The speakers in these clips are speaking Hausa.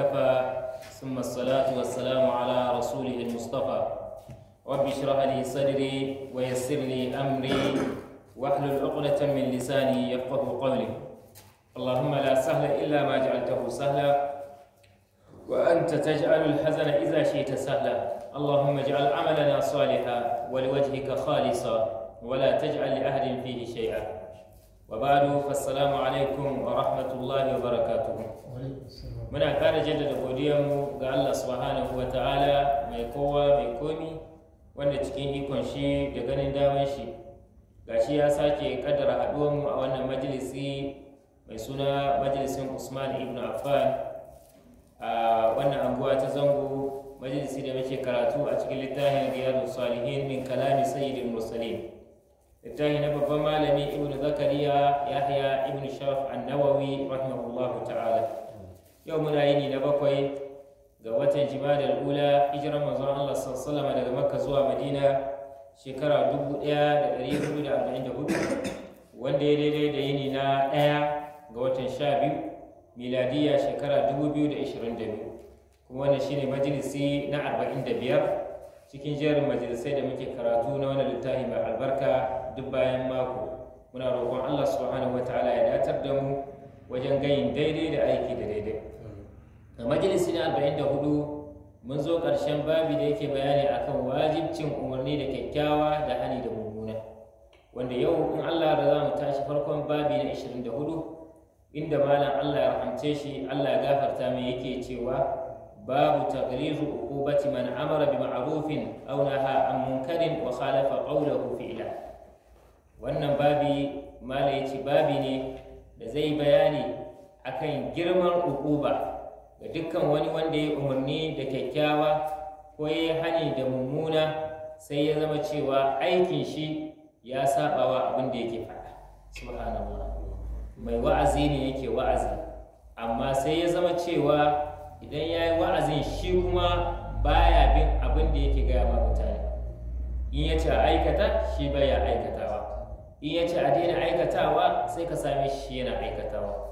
وكفى ثم الصلاة والسلام على رسوله المصطفى رب اشرح لي صدري ويسر لي أمري واحلل عقدة من لساني يفقه قولي اللهم لا سهل إلا ما جعلته سهلا وأنت تجعل الحزن إذا شئت سهلا اللهم اجعل عملنا صالحا ولوجهك خالصا ولا تجعل لأحد فيه شيئا وبعد alaikum wa rahmatullahi wa وبركاته muna kara jaddada mu ga Allah subhanahu wa ta'ala mai kowa mai komi wanda cikin ikon shi da ganin damar shi gashi ya sake kaddara mu a wannan majalisi mai suna majalisin Usman ibn Affan a wannan anguwa ta zango majalisi da muke karatu a cikin littafin riyadu salihin min kalami sayyidin mursalin littafi na babban malami ibnu zakariya yahya ibnu shaf annawawi rahimahullahu ta'ala yau muna yini na bakwai ga watan jimadar ula hijiran manzon Allah sallallahu daga makka zuwa madina shekara 1444 wanda ya daidai da yini na ɗaya ga watan sha biyu miladiya shekara 2022 kuma wannan shine majalisi na 45 cikin jerin majalisai da muke karatu na wani littafi mai albarka duk bayan mako muna roƙon Allah subhanahu wataala ya datar da mu wajen gayin daidai da aiki da daidai a majalisi na 44 mun zo ƙarshen babi da yake bayani akan wajibcin umarni da kyakkyawa da hani da mummuna wanda yau in Allah da za mu tashi farkon babi na 24 inda malam Allah ya rahamce shi Allah ya gafarta mai yake cewa babu taqrizu uqubati man amara bi ma'rufin aw naha an munkarin wa khalafa qawlahu fi'la wannan babi mala ya ce babi ne da zai bayani akan girman ukuba ga dukkan wani wanda ya yi umarni da kyakkyawa ko ya hani da mummuna sai ya zama cewa aikin shi ya sabawa abin da yake faɗa subhanallah mai wa'azi ne yake wa'azi amma sai ya zama cewa idan ya yi wa'azin shi kuma baya bin abin da yake gaya ma mutane in ya ce aikata shi baya aikata in ya ce a daina aikatawa sai ka same shi yana aikatawa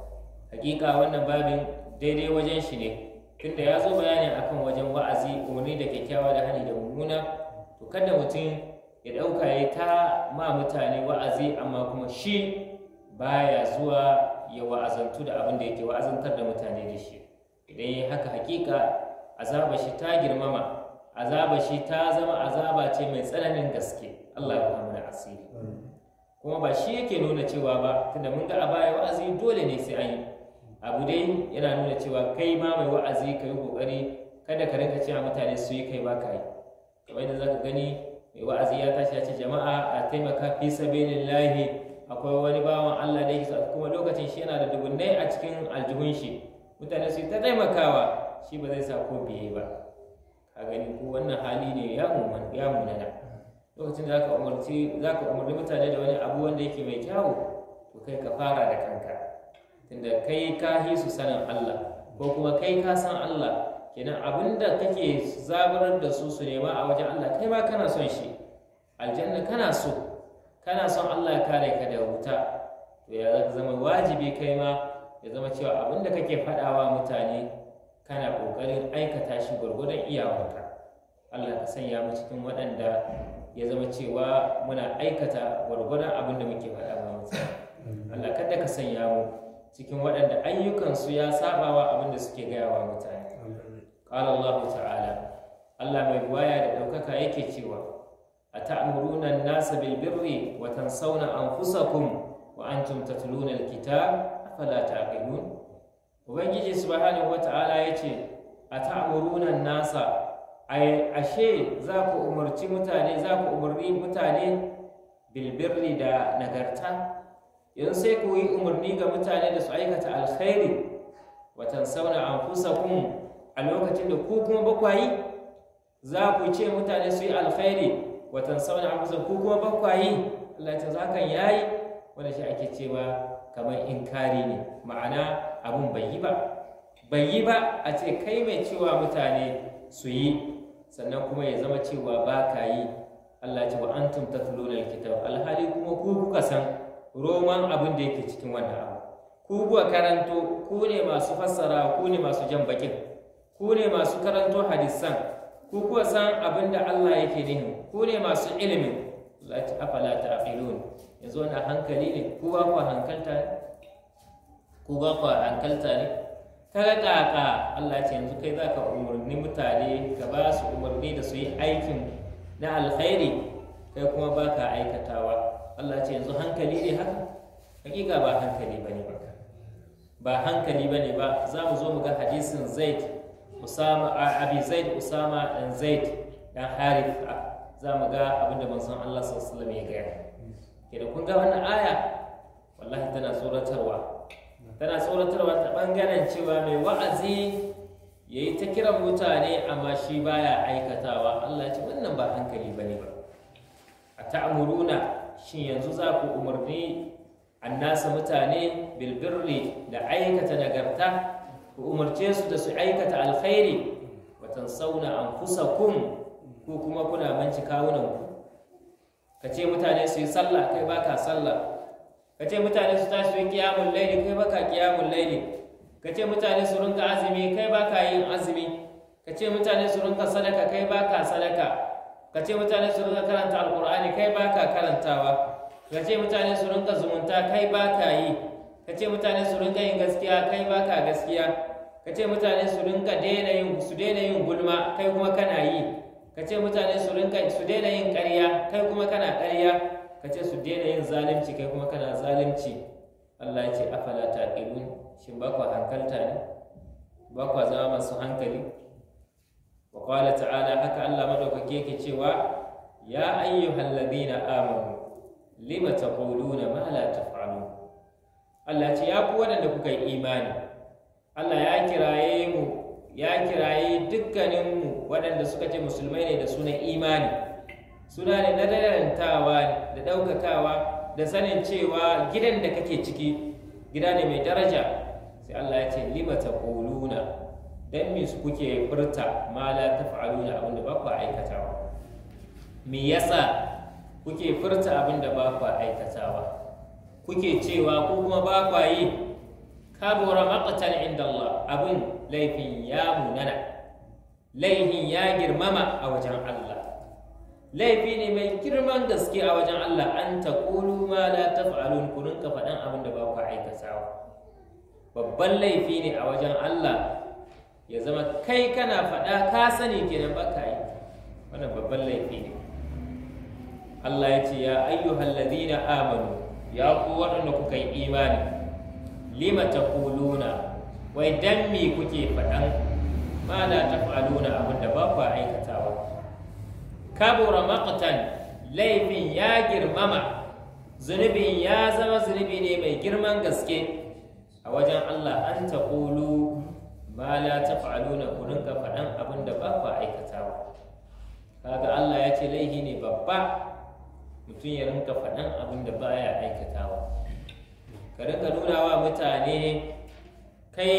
hakika wannan babin daidai wajen shi ne tunda ya zo bayanin akan wajen wa'azi umarni da kyakkyawa da hani da mummuna to kada mutum ya ɗauka ya ta ma mutane wa'azi amma kuma shi baya zuwa ya wa'azantu da abin da yake wa'azantar da mutane da shi idan yi haka hakika azaba shi ta girmama azaba shi ta zama azaba ce mai tsananin gaske Allah ya asiri kuma ba shi yake nuna cewa ba tunda mun ga a baya wa'azi dole ne sai an yi abu dai yana nuna cewa kai ma mai wa'azi ka yi kokari kada ka rinka cewa mutane su yi kai ba ka yi kamar yadda ka gani mai wa'azi ya tashi ya ce jama'a a taimaka fi sabilillahi akwai wani bawan Allah da yake kuma lokacin shi yana da dubunnai a cikin aljihun shi mutane su ta taimakawa shi ba zai sa ko biye ba a gani ko wannan hali ne ya munana lokacin da zaka umarci zaka umarci mutane da wani abu wanda yake mai kyawu to kai ka fara da kanka tunda kai ka yi su sanin Allah ko kuma kai ka san Allah kenan abinda kake zaburar da su su nema a wajen Allah kai ma kana son shi aljanna kana so kana son Allah ya kare ka da wuta to ya zama wajibi kai ma ya zama cewa abinda kake faɗawa mutane kana ƙoƙarin aikata shi gwargwadon iyawarka Allah ka sanya mu cikin waɗanda ya zama cewa muna aikata gwargwadon abin da muke faɗa ba mutu mm-hmm. Allah kada ka sanya mu cikin waɗanda ayyukansu ya wa abin da suke gaya wa mutane qala Allah ta'ala Allah mai buwaya da ɗaukaka yake cewa ata'muruna an-nasa bil birri wa tansawna anfusakum wa antum tatluna al-kitab afala taqilun ubangiji subhanahu wata'ala yace ata'muruna an-nasa ashe za ku umarci mutane za ku umarni mutane bilbirni da nagarta yanzu sai ku yi umarni ga mutane da su aikata alkhairi watan sauna an kusa kun a lokacin da ku kuma bakwai za ku ce mutane su yi alkhairi watan sauna an kusa ku kuma bakwai Allah ta zakan yayi wanda shi ake cewa kamar inkari ne ma'ana abun bai yi ba bai yi ba a ce kai mai cewa mutane su yi sannan kuma ya zama cewa ba ka yi Allah ce wa antum tatluna alkitab alhali kuma ku kuka san roman abin da yake cikin wannan abu ku kuka karanto ku ne masu fassara ku ne masu jan bakin ku ne masu karanto hadisan ku kuka san abin da Allah yake nihi ku ne masu ilimin Allah ce afala ta'qilun yanzu wannan hankali ne ku ba ku hankalta ne ku ba ku hankalta ne kaga kaka Allah ce yanzu kai za ka umarni mutane ka ba su umarni da su yi aikin na alkhairi kai kuma ba ka aikatawa Allah ce yanzu hankali ne haka hakika ba hankali bane ba ba hankali ne ba za mu zo mu ga hadisin Zaid Usama Abi Zaid Usama dan Zaid dan Harith za mu ga abinda manzon Allah sallallahu alaihi wasallam ya gaya. Kedan kun ga wannan aya wallahi tana suratarwa tana tsoratarwa ta ɓangaren cewa mai wa'azi ya yi ta kiran mutane amma shi baya aikatawa Allah ce wannan ba hankali ba ne ba a ta'amuruna shin yanzu za ku umarni nasa mutane bilbirri da aikata nagarta ku umarce su da su aikata alkhairi watan sauna an kusa kun ko kuma kuna manci kawunanku ka ce mutane su yi sallah kai baka sallah ka ce mutane su tashi su yi kiyamun laili kai baka kiyamun laili ka ce mutane su rinka azumi kai baka yin azumi ka ce mutane su rinka sadaka kai baka sadaka ka ce mutane su rinka karanta alkur'ani kai baka karantawa ka ce mutane su rinka zumunta kai baka yi ka ce mutane su rinka yin gaskiya kai baka gaskiya ka ce mutane su rinka daina yin su daina yin gulma kai kuma kana yi ka ce mutane su rinka su daina yin ƙarya kai kuma kana ƙarya ka ce su daina yin zalunci kai kuma kana zalunci Allah ya ce afala taqilun shin ba ku hankalta ne ba ku zama masu hankali wa qala ta'ala haka Allah madaukake yake cewa ya ayyuhal ladina amanu lima taquluna ma la taf'alun Allah ce ya ku wadanda kuka yi imani Allah ya kiraye mu ya kiraye dukkaninmu waɗanda suka ce musulmai ne da sunan imani suna ne na darantawa da ɗaukakawa da sanin cewa gidan da kake ciki gida ne mai daraja sai Allah ya ce lima ta dan me su kuke furta ma la taf'aluna abin da ba ku aikatawa me yasa kuke furta abin da ba ku aikatawa kuke cewa ku kuma ba ku yi kabura maqtan inda Allah abin laifin ya munana laifin ya girmama a wajen Allah laifi ne mai girman gaske a wajen Allah an ta kulu ma la taf'alun ku rinka faɗan abin da ba ku aikatawa babban laifi ne a wajen Allah ya zama kai kana faɗa ka sani kenan ba ka yi wannan babban laifi ne Allah ya ce ya ayyuhal ladina amanu ya ku waɗanda kuka yi imani lima taquluna wai dan me kuke faɗan ma la taf'aluna abin da ba ku aikata kabura maqatan laifin ya girmama zunubin ya zama zunubi ne mai girman gaske a wajen Allah an kulu ma la taf'aluna ku ka faɗan abin da ba ku aikata ba kaga Allah ya ce laifi ne babba mutum ya rinka faɗan abin da ba aikata aikatawa ka rinka nuna wa mutane kai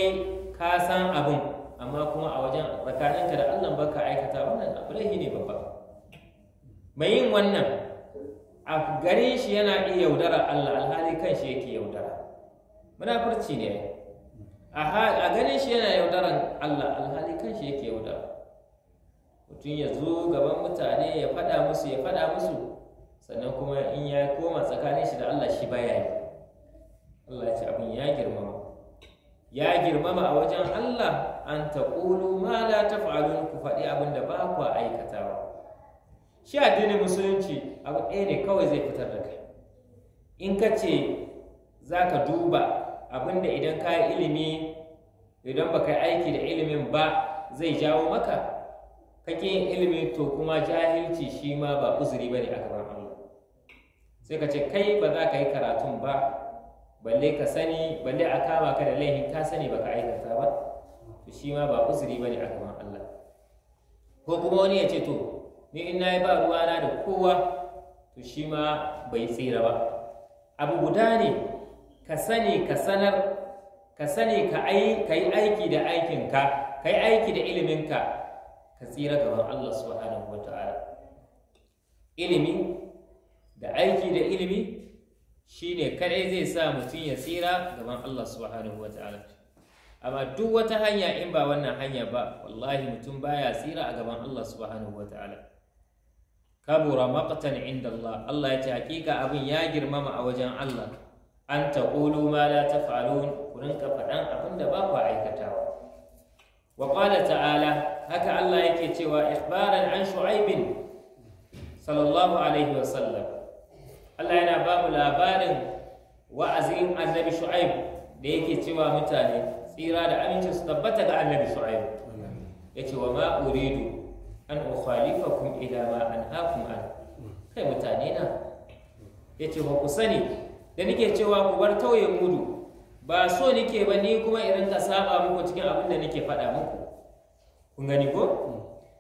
ka san abin amma kuma a wajen tsakaninka da Allah baka aikata wannan abu laifi ne babba mai yin wannan a gare shi yana iya yaudarar Allah alhali kan shi yake yaudara munafurci ne a gare shi yana yaudarar Allah alhali kan shi yake yaudara mutum ya zo gaban mutane ya faɗa musu ya faɗa musu sannan kuma in ya koma tsakanin shi da Allah shi baya yi Allah ce abin ya girmama ya girmama a wajen Allah an taƙulu ma la taf'alun ku faɗi abin da ba ku aikatawa shi addinin musulunci abu ɗaya ne kawai zai fitar da kai in ka ce za ka duba abinda idan ka yi ilimi idan ba ka aiki da ilimin ba zai jawo maka Ka ke yin ilimi to kuma jahilci shi ma ba uzuri ba ne a gaban Allah sai ka ce kai ba za ka yi karatun ba balle ka sani balle a kama ka da laifin ka sani ba ka aikata ba to shi ma ba uzuri ba ne a gaban Allah ko kuma wani ya ce to ni in nayi ba ruwa na da kowa to shi ma bai tsira ba abu guda ne ka sani ka sanar ka sani ka yi aiki da aikinka ka yi aiki da iliminka ka tsira gaban Allah subhanahu wata'ala ilimi da aiki da ilimi shine kadai zai sa mutum ya tsira gaban Allah subhanahu wata'ala amma duk wata hanya in ba wannan hanya ba wallahi mutum baya tsira a gaban Allah subhanahu wata'ala kabura maqtan inda Allah Allah ya ce hakika abin ya girmama a wajen Allah an taqulu ma la taf'alun ku rinka faɗan abin da ba ku aikatawa wa ta'ala haka Allah yake cewa ikhbaran an shu'aibin sallallahu alaihi wa sallam Allah yana ba mu labarin wa'azin annabi shu'aib da yake cewa mutane tsira da aminci su tabbata ga annabi shu'aib yace wa ma uridu an ukhalifakum ila ma anhaakum an kai mutane na yace ba ku sani da nike cewa ku bar tauye mudu ba so nake ba ni kuma irin ka saba muku cikin abin da nake faɗa muku kun gani ko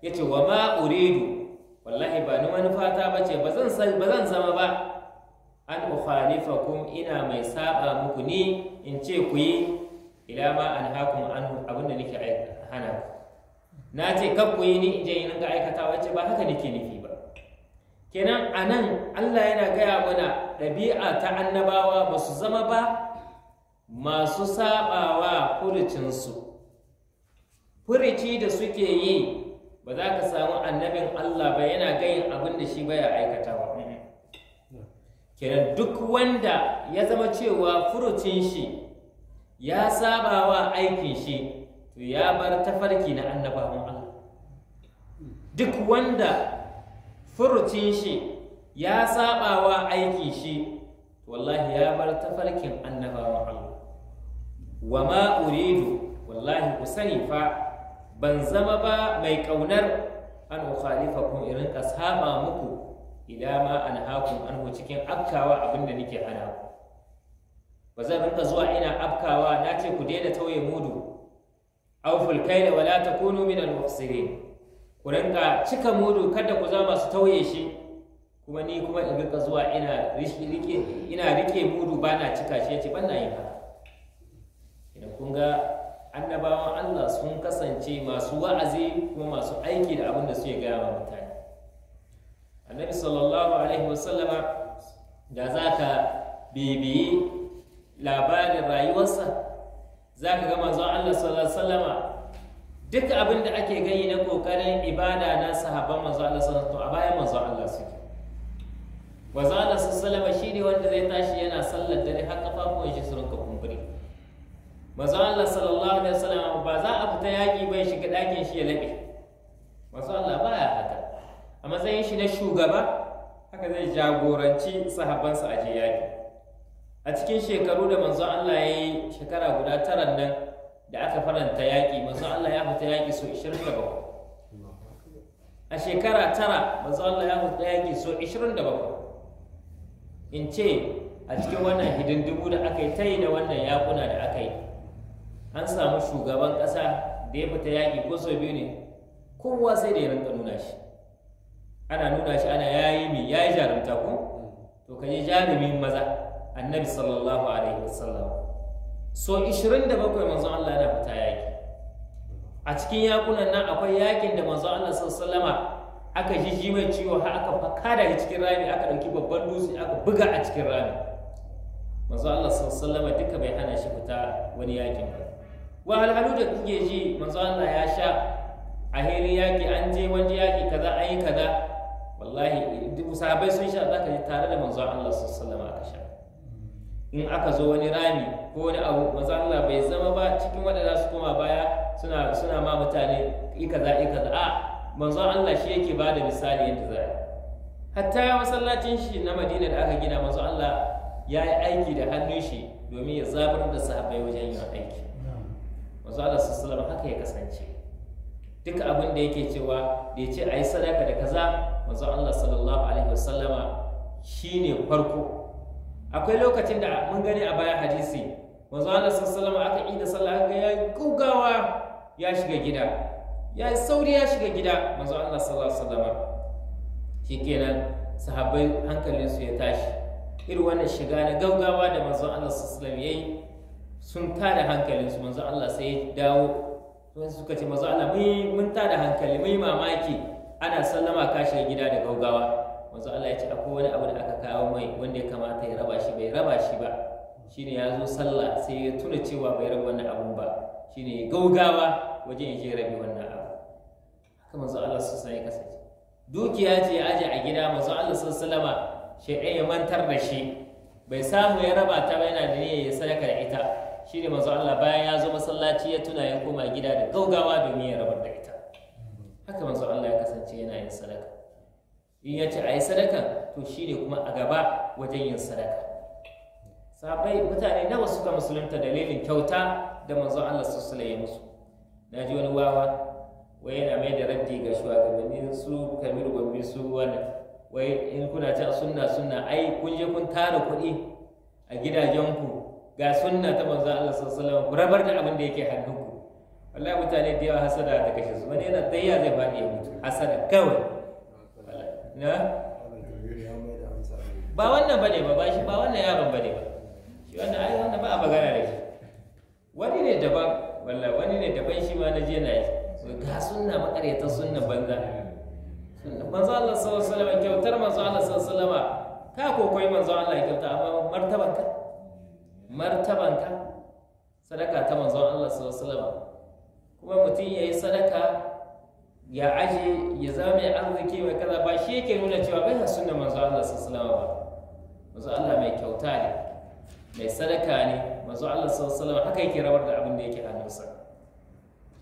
yace wa ma uridu wallahi ba ni manufata bace ba zan ba zan zama ba an ukhalifakum ina mai saba muku ni in ce ku yi ila ma anhaakum an abin da nake hana ku na ce kar yi ni in je ga rinka ba haka nake nufi ba kenan a nan allah yana gaya mana ɗabi'a ta annabawa ba su zama ba masu saɓawa furicinsu furici da suke yi ba za ka samu annabin allah ba yana gayin abin da shi baya ba? kenan duk wanda ya zama cewa furucin shi ya sabawa aikin shi to ya bar tafarki na annabawan Allah duk wanda furucin shi ya sabawa aiki shi wallahi ya bar tafarkin annabawan Allah wa ma uridu wallahi ku sani fa ban zama ba mai kaunar an ukhalifakum irin kasama muku ila ma anhaakum anhu cikin afkawa abinda nake hana ku ba zan rinka zuwa ina afkawa na ce ku daina tauye mudu kai kaila wala takunu min al-mukhsirin ku rinka cika mudu kada ku zama su tauye shi kuma ni kuma in rika zuwa ina rike ina rike mudu bana cika shi yace ban yi haka idan kun ga annabawan Allah sun kasance masu wa'azi kuma masu aiki da abin da suke gaya wa mutane annabi sallallahu alaihi wasallama da zaka ka bibiyi labarin rayuwarsa za ka ga zuwa Allah sallallahu alaihi duk abin da ake gani na kokarin ibada na sahabban manzo Allah sallallahu alaihi a bayan manzo Allah suke manzon Allah sallama shi shine wanda zai tashi yana sallar dare har kafafuwan shi su rinka kumburi manzo Allah sallallahu alaihi wasallam ba za a fita yaki bai shiga dakin shi ya labe manzo Allah baya haka a matsayin shi na shugaba haka zai jagoranci sahabbansa a je yaki a cikin shekaru da manzo Allah ya yi shekara guda tara nan da aka faranta yaƙi manzo Allah ya fita yaƙi so 27 a shekara tara manzo Allah ya fita yaƙi so 27 in ce a cikin wannan dubu da aka yi ta yi da wannan yakuna da aka yi an samu shugaban ƙasa da ya fita yaƙi ko so biyu ne kowa sai da ya rinka nuna shi ana nuna shi ana yayi mai yayi jarumta ko to ka je jarumin maza annabi sallallahu alaihi wasallam so 27 manzo Allah yana fita yaki a cikin yakunan nan akwai yakin da manzo Allah sallallahu alaihi aka jiji mai ciwo har aka faka shi cikin rami aka ɗauki babban dutse aka buga a cikin rami manzo Allah sallallahu alaihi duka bai hana shi fita wani yakin ba wa alhalu da kuke ji manzo Allah ya sha a hili yaki an je wani yaki kaza an yi kaza wallahi duk sahabbai sun sha zaka ji tare da manzo Allah sallallahu alaihi aka sha in aka zo wani rami ko wani abu manzo Allah bai zama ba cikin waɗanda su koma baya suna suna ma mutane ikaza ikaza a manzo Allah shi yake ba da misali yadda za a hatta masallacin shi na Madina da aka gina manzo Allah ya yi aiki da hannun shi domin ya zabar da sahabbai wajen yin aiki manzo Allah sallallahu alaihi haka ya kasance Duka abin da yake cewa da ya ce a yi sadaka da kaza manzo Allah sallallahu alaihi wasallama shine farko akwai lokacin da mun gani a baya hadisi manzo Allah sallallahu alaihi aka ida sallah aka ya gugawa ya shiga gida ya sauri ya shiga gida manzo Allah sallallahu alaihi wasallam shikenan sahabbai hankalin su ya tashi irin wannan shiga na gaugawa da manzo Allah sallallahu alaihi yayi sun tada hankalin su manzo Allah sai ya dawo sun suka ce manzo Allah mun tada hankali mun mamaki ana sallama ka shiga gida da gaugawa manzo Allah ya ce akwai wani abu da aka kawo mai wanda ya kamata ya raba shi bai raba shi ba shine ya zo sallah sai ya tuna cewa bai raba wannan abun ba shine ya gaugawa wajen ya je rabi wannan abu haka manzo Allah su sai kasance dukiya ce ya aje a gida manzo Allah sallama shaydan ya mantar da shi bai samu ya raba ta ba yana da niyyar ya sadaka da ita shine manzo Allah bayan ya zo masallaci ya tuna ya koma gida da gaugawa domin ya rabar da ita haka manzo Allah ya kasance yana yin sadaka in ya ce a yi sadaka to shi ne kuma a gaba wajen yin sadaka sabai mutane nawa suka musulunta dalilin kyauta da manzon Allah su ya musu na ji wani wawa wai yana mai da raddi ga shugabannin su kamar gombe su wai in kuna ta sunna sunna ai kun je kun tara kuɗi a gidajenku ga sunna ta manzon Allah sallallahu alaihi ku rabar da abin da yake hannunku wallahi mutane da yawa hasada ta kashe su wani yana tayya zai faɗi ya mutu hasada kawai na ba wannan bane ba ba shi ba wannan yaron bane ba shi wannan ai wannan ba a magana da shi wani ne daban wallahi wani ne daban shi ma na je na yi ga sunna makareta sunna banza sunna manzo Allah sallallahu alaihi wasallam kyautar manzo Allah sallallahu alaihi wasallam ka kokoi manzo Allah ya kyauta amma martaban ka martaban ka sadaka ta manzo Allah sallallahu alaihi wasallam kuma mutum yayi sadaka ya aje ya zama mai arziki mai kaza ba shi yake nuna cewa bai da manzo Allah sallallahu alaihi manzo Allah mai kyauta ne mai sadaka ne manzo Allah sallallahu alaihi haka yake rawar da abin da yake hannunsa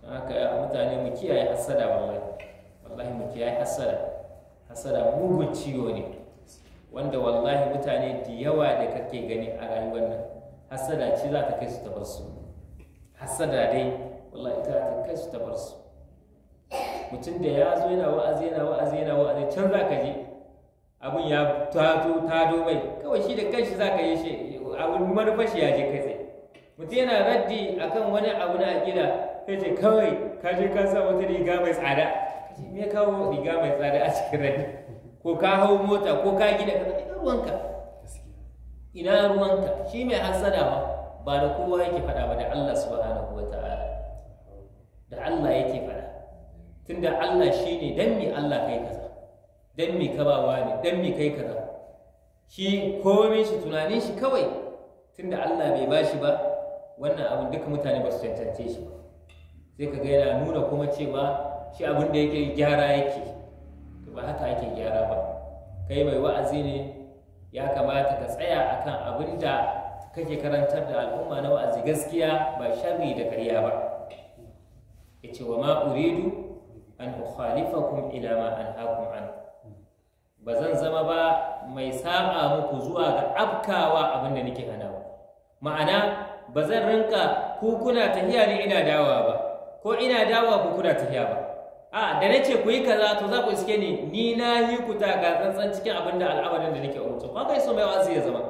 haka mutane mu kiyaye hasada wallahi wallahi mu kiyaye hasada hasada mugun ciwo ne wanda wallahi mutane da yawa da kake gani a rayuwar nan hasada ce za ta kai su ta bar su hasada dai wallahi ita ta kai su ta bar su mutum da ya zo yana wa'azi yana wa'azi yana wa'azi can za ka je abin ya tato tado mai kawai shi da kanshi za ka yi shi abin manufar shi ya je kai tsaye mutum yana raddi akan wani abu na aƙida ya ce kawai ka je ka sa wata riga mai tsada me kawo riga mai tsada a cikin raddi ko ka hau mota ko ka gina ka ina ruwanka ina ruwanka shi mai hasada ba ba da kowa yake faɗa ba da Allah subhanahu wa ta'ala da Allah yake faɗa tunda Allah shi ne dan mi Allah kai kaza dan mi ka bawa ne dan mi kai kaza shi komai shi tunanin shi kawai tunda Allah bai ba shi ba wannan abin duka mutane ba su cancance shi ba sai ka ga yana nuna kuma cewa shi abin da yake gyara yake to ba haka ake gyara ba kai mai wa'azi ne ya kamata ka tsaya akan abin da kake karantar da al'umma na wa'azi gaskiya ba sharri da karya ba ya ce wa ma uridu an ukhalifakum ila ma anhaakum an ba zan zama ba mai sa'a muku zuwa ga abkawa abin da nake hana ba ma'ana ba zan rinka ku kuna tahiya ne ina dawa ba ko ina dawa ku kuna tahiya ba a da nace ku yi kaza to za ku iske ni ni na yi ku ta ga tsantsan cikin abin da al'amarin da nake umurta ko kai so mai wazi ya zama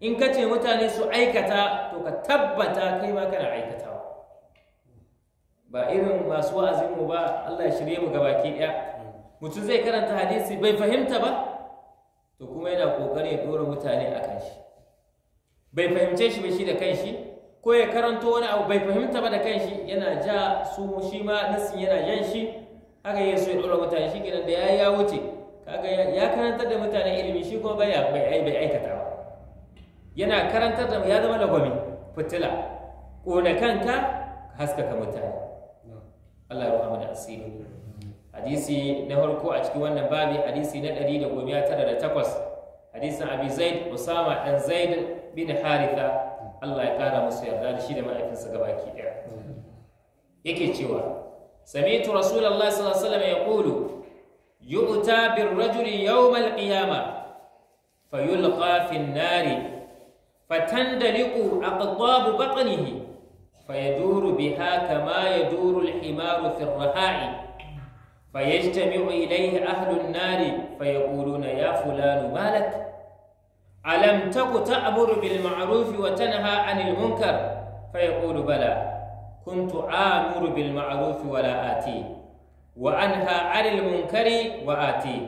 in ka ce mutane su aikata to ka tabbata kai ma kana aikata ba irin masu wa'azin mu ba Allah ya shirye mu gabaki ɗaya. mutum zai karanta hadisi bai fahimta ba to kuma yana kokarin ya dora mutane kan shi bai fahimce shi ba shi da kanshi ko ya karanto wani abu bai fahimta ba da kanshi yana ja su shi ma nasin yana jan shi haka ya so ya dora mutane shi kenan da ya ya wuce kaga ya karantar da mutane ilimi shi kuma bai bai aikata ba yana karantar da ya zama lagwami fitila ƙona kanka haskaka mutane Allah ya rahama da asiri hadisi na farko a cikin wannan babi hadisi na 198 hadisin Abi Zaid Usama dan Zaid bin Haritha Allah ya kara musu yarda da shi da mahaifinsa gabaki daya yake cewa sami'tu rasulullahi sallallahu alaihi wasallam yaqulu yu'ta birrajuli yawmal qiyamah fayulqa fin nari fatandaliqu aqtab baqnihi فيدور بها كما يدور الحمار في الرحاع فيجتمع إليه أهل النار فيقولون يا فلان ما لك ألم تك تأمر بالمعروف وتنهى عن المنكر فيقول بلى كنت آمر بالمعروف ولا آتي وأنهى عن المنكر وآتي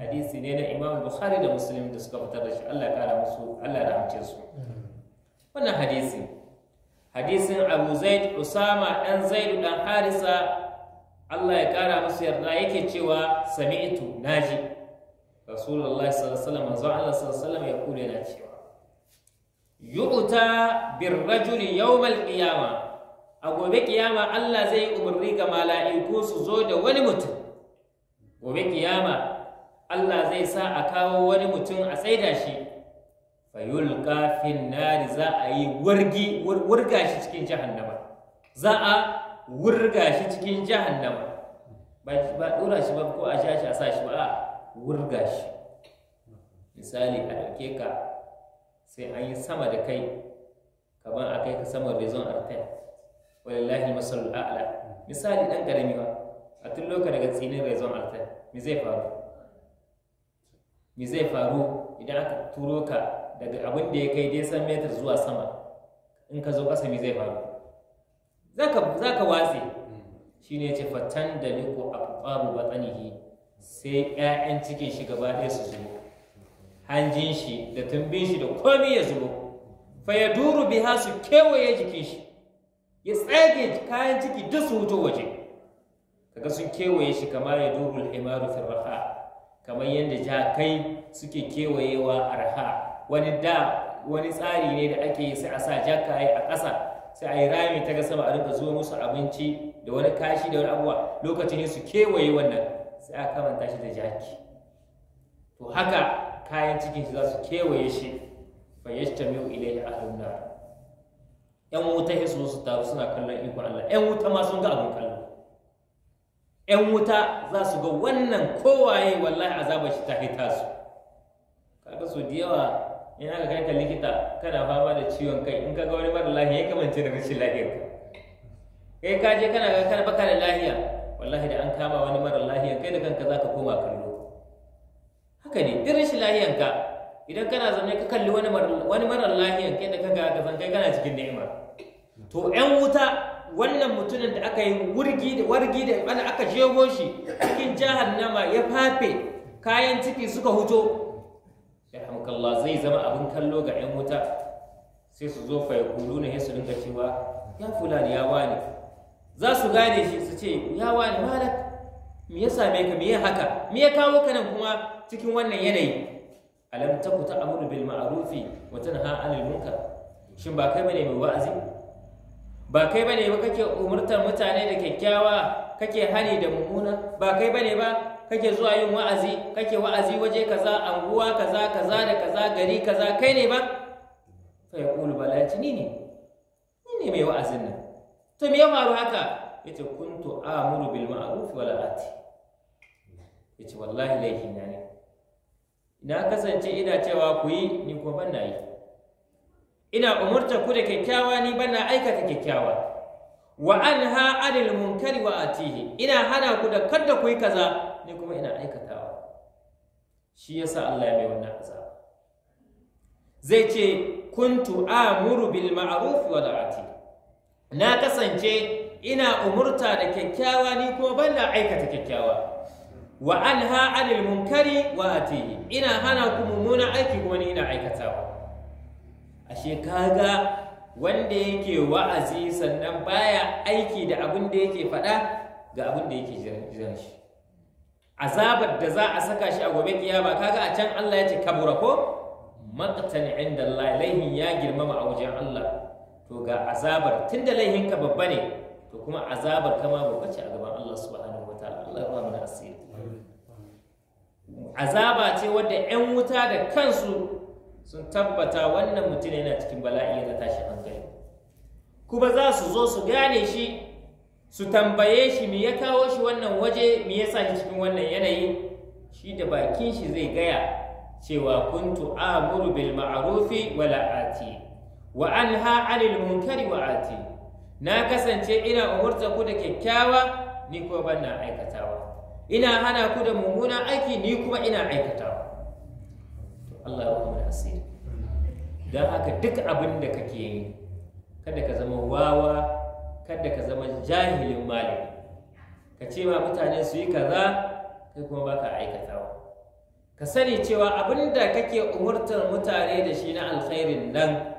حديث نينا إمام البخاري ومسلم تسقط الله قال مسلم الله رحمه wannan hadisi hadisin abu zaid usama dan zaidu dan harisa allah ya kara musu yarda yake cewa sami'tu naji rasulullah sallallahu alaihi wasallam allah sallallahu ya kula yana cewa yu'ta bir rajuli yawmal qiyama a gobe kiyama allah zai umarni ga mala'iku su zo da wani mutum gobe kiyama allah zai sa a kawo wani mutum a tsaida shi fayulqa fin nari za a yi wargi wurga shi cikin jahannama za a wurga shi cikin jahannama ba ba dora shi ba ko a sha shi a sa shi ba a wurga shi misali a dauke ka sai an yi sama da kai kaman a kai ka sama horizon artel wallahi masallu a'la misali dan karami ba a tun loka daga tsinin horizon artel me zai faru me zai faru idan aka turo ka daga abin da ya kai dai san metar zuwa sama in ka zo kasa me zai faru za ka watse shi ne ce fatan da liko babu batsanihi sai 'ya'yan cikin shi gaba ɗaya su zubo hanjin shi da tumbin shi da komi ya zubo fa ya duru biha su kewaye jikin shi ya tsage kayan ciki duk su wuto waje kaga sun kewaye shi kamar ya duru al'imaru firraha kamar yadda jakai suke kewayewa arha wani da wani tsari ne da ake yi sai a sa jaka a ƙasa sai a yi rami ta ga sama a rinka zuwa musu abinci da wani kashi da wani abuwa lokacin ne su kewaye wannan sai a kamanta shi da jaki to haka kayan cikin shi za su kewaye shi fa yajtamiu ilayhi ahlun nar yan wuta hisu su taru suna kallon ikon Allah yan wuta ma sun ga abin kallo yan wuta za su ga wannan kowaye wallahi azabar shi ta hita su kaga so da yawa in aka kai ka likita kana fama da ciwon kai in ka ga wani mara lahiya ya kamance da rashin lahiyar ka kai eh, ka je kana ga kana baka da lahiya wallahi da an kama wani mara lahiya kai da kanka zaka koma kallo haka ne duk rashin lahiyan ka idan kana zaune ka kalli wani mara wani mara lahiya kai da kanka ka san kai kana cikin ni'ima to ƴan wuta wannan mutumin da aka yi wurgi da wargi da aka jego shi cikin jahannama ya fafe kayan ciki suka huto ya hamkalla zai zama abin kallo ga 'yan wuta sai su zo fa ya kulu na su dinga cewa ya fulani ya wani za su gane shi su ce ya wani malak me ya same ka me ya haka me ya kawo ka nan kuma cikin wannan yanayi alam taku ta'muru bil ma'rufi wa tanha 'anil munkar shin ba kai bane mai wa'azi ba kai bane ba kake umurtar mutane da kyakkyawa kake hani da mummuna ba kai bane ba kake zuwa yin wa'azi kake wa'azi waje kaza anguwa kaza kaza da kaza gari kaza kai ne ba fa Kulu, bala ni ne ni ne mai wa'azin nan to me ya faru haka yace kuntu amuru bil ma'ruf wal ati yace wallahi laifin na ne na kasance ina cewa ku yi ni ko ban na yi ina umurta ku da kyakkyawa ni ban na aikata kyakkyawa wa anha anil munkari wa atihi ina hana ku da kadda ku yi kaza ni kuma ina aikatawa shi yasa Allah ya mai wannan azaba zai ce kuntu amuru bil ma'ruf wa da'ati na kasance ina umurta da kyakkyawa ni kuma banda aikata kyakkyawa wa anha anil munkari wa atihi ina hana ku mummunan aiki kuma ni ina aikatawa ashe kaga wanda yake wa'azi sannan baya aiki da abin da yake faɗa ga abin da yake jiran shi azabar da za a saka shi a gobe kiyama kaga a can Allah ya ce kabura ko maqtan inda Allah ya girmama a wajen Allah to ga azabar tunda laihin ka babba ne to kuma azabar kama babba ce a gaban Allah subhanahu wataala Allah ya ba mana asiri azaba ce wadda 'yan wuta da kansu sun tabbata wannan mutum yana cikin bala'i ya tashi hankali kuma za su zo su gane shi su tambaye shi me ya kawo shi wannan waje me yasa shi cikin wannan yanayi shi da bakin shi zai gaya cewa kuntu amuru bil ma'rufi wala ati wa anha 'anil munkari wa ati na kasance ina umurta ku da kyakkyawa ni kuma ban aikatawa ina hana ku da mummunan aiki ni kuma ina aikatawa Allah ya kuma asiri don haka duk abin da kake yi kada ka zama wawa kada ka zama jahilin malami ka ce ma mutane su yi kaza kai kuma baka aikatawa ka sani cewa abinda kake umurtar mutane da shi na alkhairin nan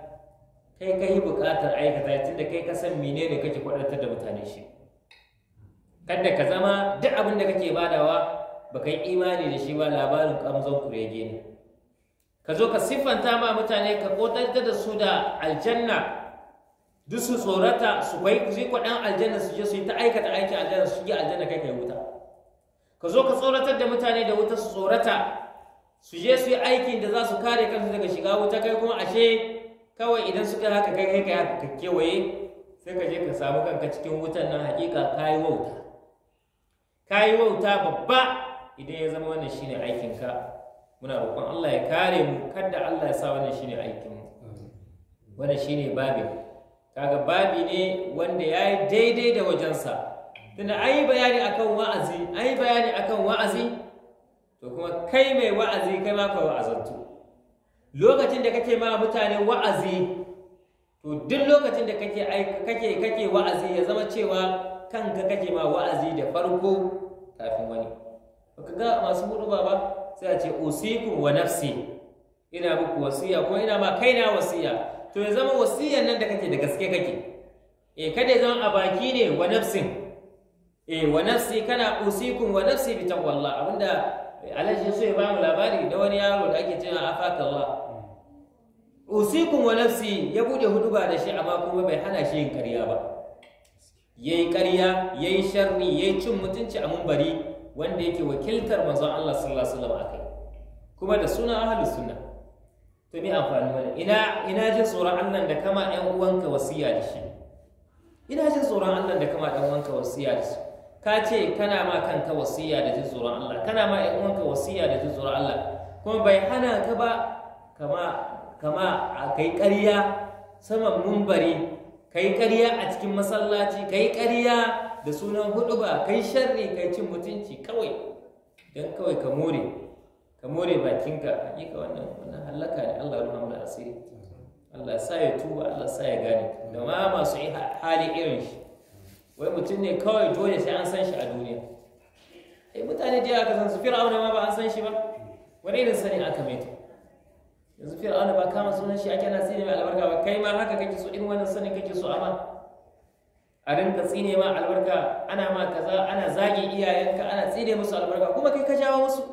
kai ka yi buƙatar aikata tun da kai ka san mene ne kake kwadantar da mutane shi kada ka zama duk abinda da kake badawa ba kai yi imani da shi ba labarin kamzon kurege ne ka zo ka siffanta ma mutane ka kotar da su da aljanna duk su tsorata su kwai zai kwaɗan aljanna su je su yi ta aikata aikin aljanna su yi aljanna kai kai wuta ka zo ka tsoratar da mutane da wuta su tsorata su je su yi aikin da za su kare kansu daga shiga wuta kai kuma ashe kawai idan suka haka kai kai kai haka kewaye sai ka je ka samu kanka cikin wutan nan hakika ka yi wauta ka yi wauta babba idan ya zama wannan shine aikinka muna roƙon Allah ya kare mu kada Allah ya sa wannan shine aikin mu wannan shine babin kaga babi ne wanda ya yi daidai da wajensa tunda ayi bayani akan wa'azi bayani akan wa'azi to kuma kai mai wa'azi kai ma ka wa'azantu lokacin da kake ma mutane wa'azi to duk lokacin da kake kake kake wa'azi ya zama cewa kanka kake ma wa'azi da farko kafin wani baka ga masu hudu ba sai a ce usiku wa nafsi ina muku wasiya ko ina ma kaina wasiya to ya zama wasiyan nan da kake da gaske kake eh kada ya zama a baki ne wa nafsin eh wa nafsi kana usikum wa nafsi bi taqwallah abinda alhaji so ya bamu labari da wani yaro da ake cewa afakallah usikum wa nafsi ya bude huduba da shi amma kuma bai hana shi yin ƙarya ba yayi ƙarya yayi sharri yayi cin mutunci a mumbari wanda yake wakiltar manzon Allah sallallahu alaihi wasallam akai kuma da sunan ahlus sunnah to ni amfani wani ina ina jin tsoron Allah da kama ɗan uwanka wasiya da shi ina jin tsoron Allah da kama ɗan uwanka wasiya da shi ka ce kana ma kanka wasiya da jin tsoron Allah kana ma ɗan uwanka wasiya da jin tsoron Allah kuma bai hana ka ba kama kama a kai ƙarya saman mumbari kai ƙarya a cikin masallaci kai ƙarya da sunan huɗu ba kai sharri kai cin mutunci kawai don kawai ka more ka more bakinka hakika wannan wannan halaka ne Allah ya rahama asiri Allah sa ya tuba Allah sa ya gane da ma masu hali irin shi wai mutum ne kawai dole sai an san shi a duniya eh mutane da aka san su fir'auna ma ba an san shi ba wani irin sani aka mai to yanzu fir'auna ba kama sunan shi ake nasi ne mai albarka ba kai ma haka kake so irin wannan sanin kake so amma a rinka tsine ma albarka ana ma kaza ana zage iyayenka ana tsine musu albarka kuma kai ka jawo musu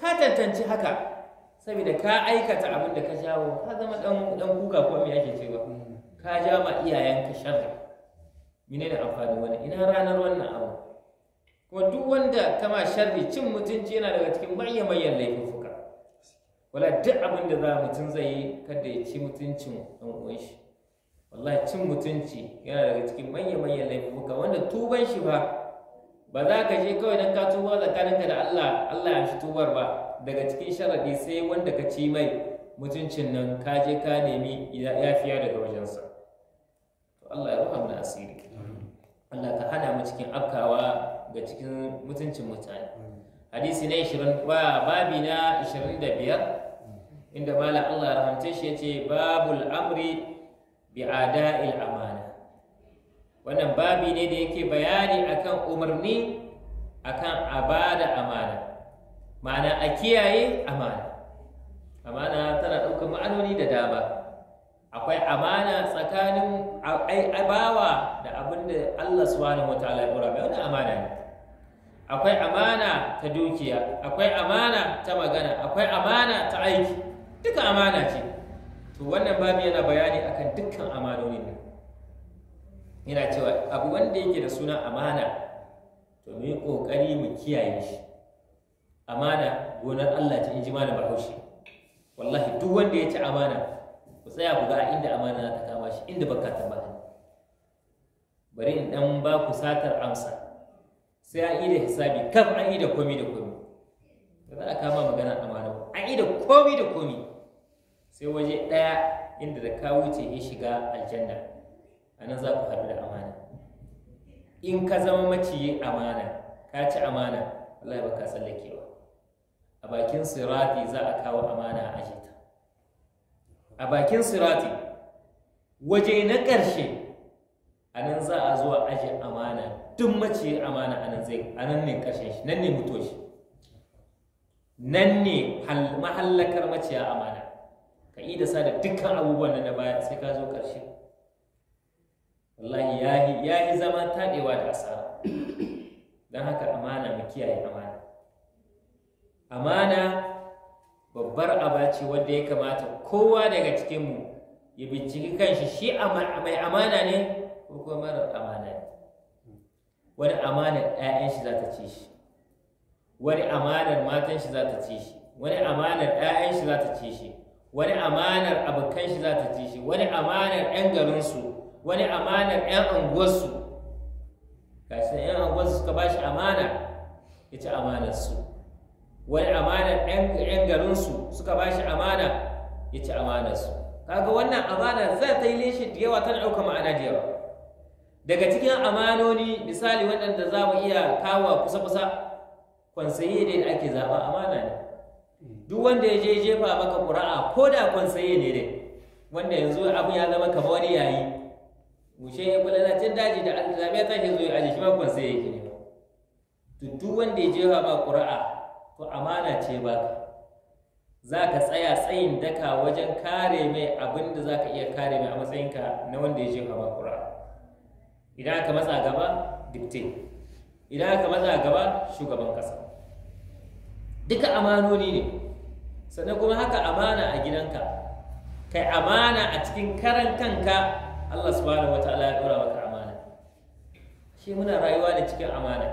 ka tantanci haka saboda ka aikata abin da ka jawo ka zama dan kuka ko me ake cewa ka ja ma iyayenka shan mene da amfani wani ina ranar wannan abu kuma duk wanda kama sharri cin mutunci yana daga cikin manyan manyan laifuka wala duk abin da za mutum zai yi kada ya ci mutuncin dan uwan shi wallahi cin mutunci yana daga cikin manyan manyan laifuka wanda tuban shi ba ba za ka je kawai don ka tuba tsakaninka da Allah Allah ya shi tubar ba daga cikin sharadi sai wanda ka ci mai mutuncin nan ka je ka nemi yafiya daga wajensa to Allah ya ruha mana asiri Allah ka hana mu cikin afkawa ga cikin mutuncin mutane hadisi na 20 ba babi na 25 inda mala Allah ya rahamce shi yace babul amri bi ada'il amr wannan babi ne da yake bayani akan umarni akan a bada amana ma'ana a kiyaye amana amana tana ɗaukar ma'anoni da dama akwai amana tsakanin abawa da abin da Allah subhanahu wataala ya ɗora mai wannan amana ne akwai amana ta dukiya akwai amana ta magana akwai amana ta aiki duka amana ce to wannan babi yana bayani akan dukkan amanoni ne yana cewa abu wanda yake da suna amana to mu yi kokari mu kiyaye shi amana gonar Allah ce in ji malam Bahaushe wallahi duk wanda ya ci amana ku tsaya ku ga inda amana ta kama shi inda baka ta ba bari in dan ba ku satar amsa sai an yi da hisabi kaf an yi da komi da komi da za a kama magana amana ba an yi da komi da komi sai waje ɗaya inda da ka wuce ya shiga aljanna a za ku haɗu da amana in ka zama maciyin amana ka ci amana wallahi ba ka tsallakewa a bakin sirati za a kawo amana a ajita a bakin sirati waje na ƙarshe a nan za a zo a aje amana duk maciyin amana a nan zai a nan ne ƙarshen shi nan ne mutuwa shi nan ne mahallakar maciya amana ka yi da sa da dukkan abubuwan da na baya sai ka zo ƙarshe wallahi yahi yahi zama taɗewa da asara don haka amana mu kiyaye amana amana babbar aba ce ya kamata kowa daga cikinmu ya binciki kanshi shi mai amana ne ko kuma mara amana ne wani amana ɗayan shi za ta ci shi wani amana matan shi za ta ci shi wani amana ɗayan shi za ta ci shi wani amana abokan shi za ta ci shi wani amanar 'yan garinsu wani amanar 'yan anguwarsu shi 'yan anguwarsu suka ba shi amana ya ci amanarsu wani amanar 'yan garinsu suka ba shi amana ya ci amanarsu kaga wannan amana za ta yi leshi da yawa ta ɗauka ma'ana da yawa daga cikin amanoni misali waɗanda za mu iya kawo kusa-kusa kwansaye ne da ake zaɓa amana ne duk wanda ya je jefa maka ƙura'a ko da kwansaye ne dai wanda yanzu abu ya zama kamar wani yayi mushe ya kula na cin daji da alzamiya ta ke zuwa aji shi ma kwanse yake ne to duk wanda ya jefa ma ƙura'a ko amana ce ba za ka tsaya tsayin daka wajen kare mai abin da za ka iya kare mai a matsayinka na wanda ya jefa ma ƙura'a idan aka matsa gaba dikte idan aka matsa gaba shugaban ƙasa duka amanoni ne sannan kuma haka amana a gidanka kai amana a cikin karan kanka Allah subhanahu wataala ya dora maka amana shi muna rayuwa da cikin amana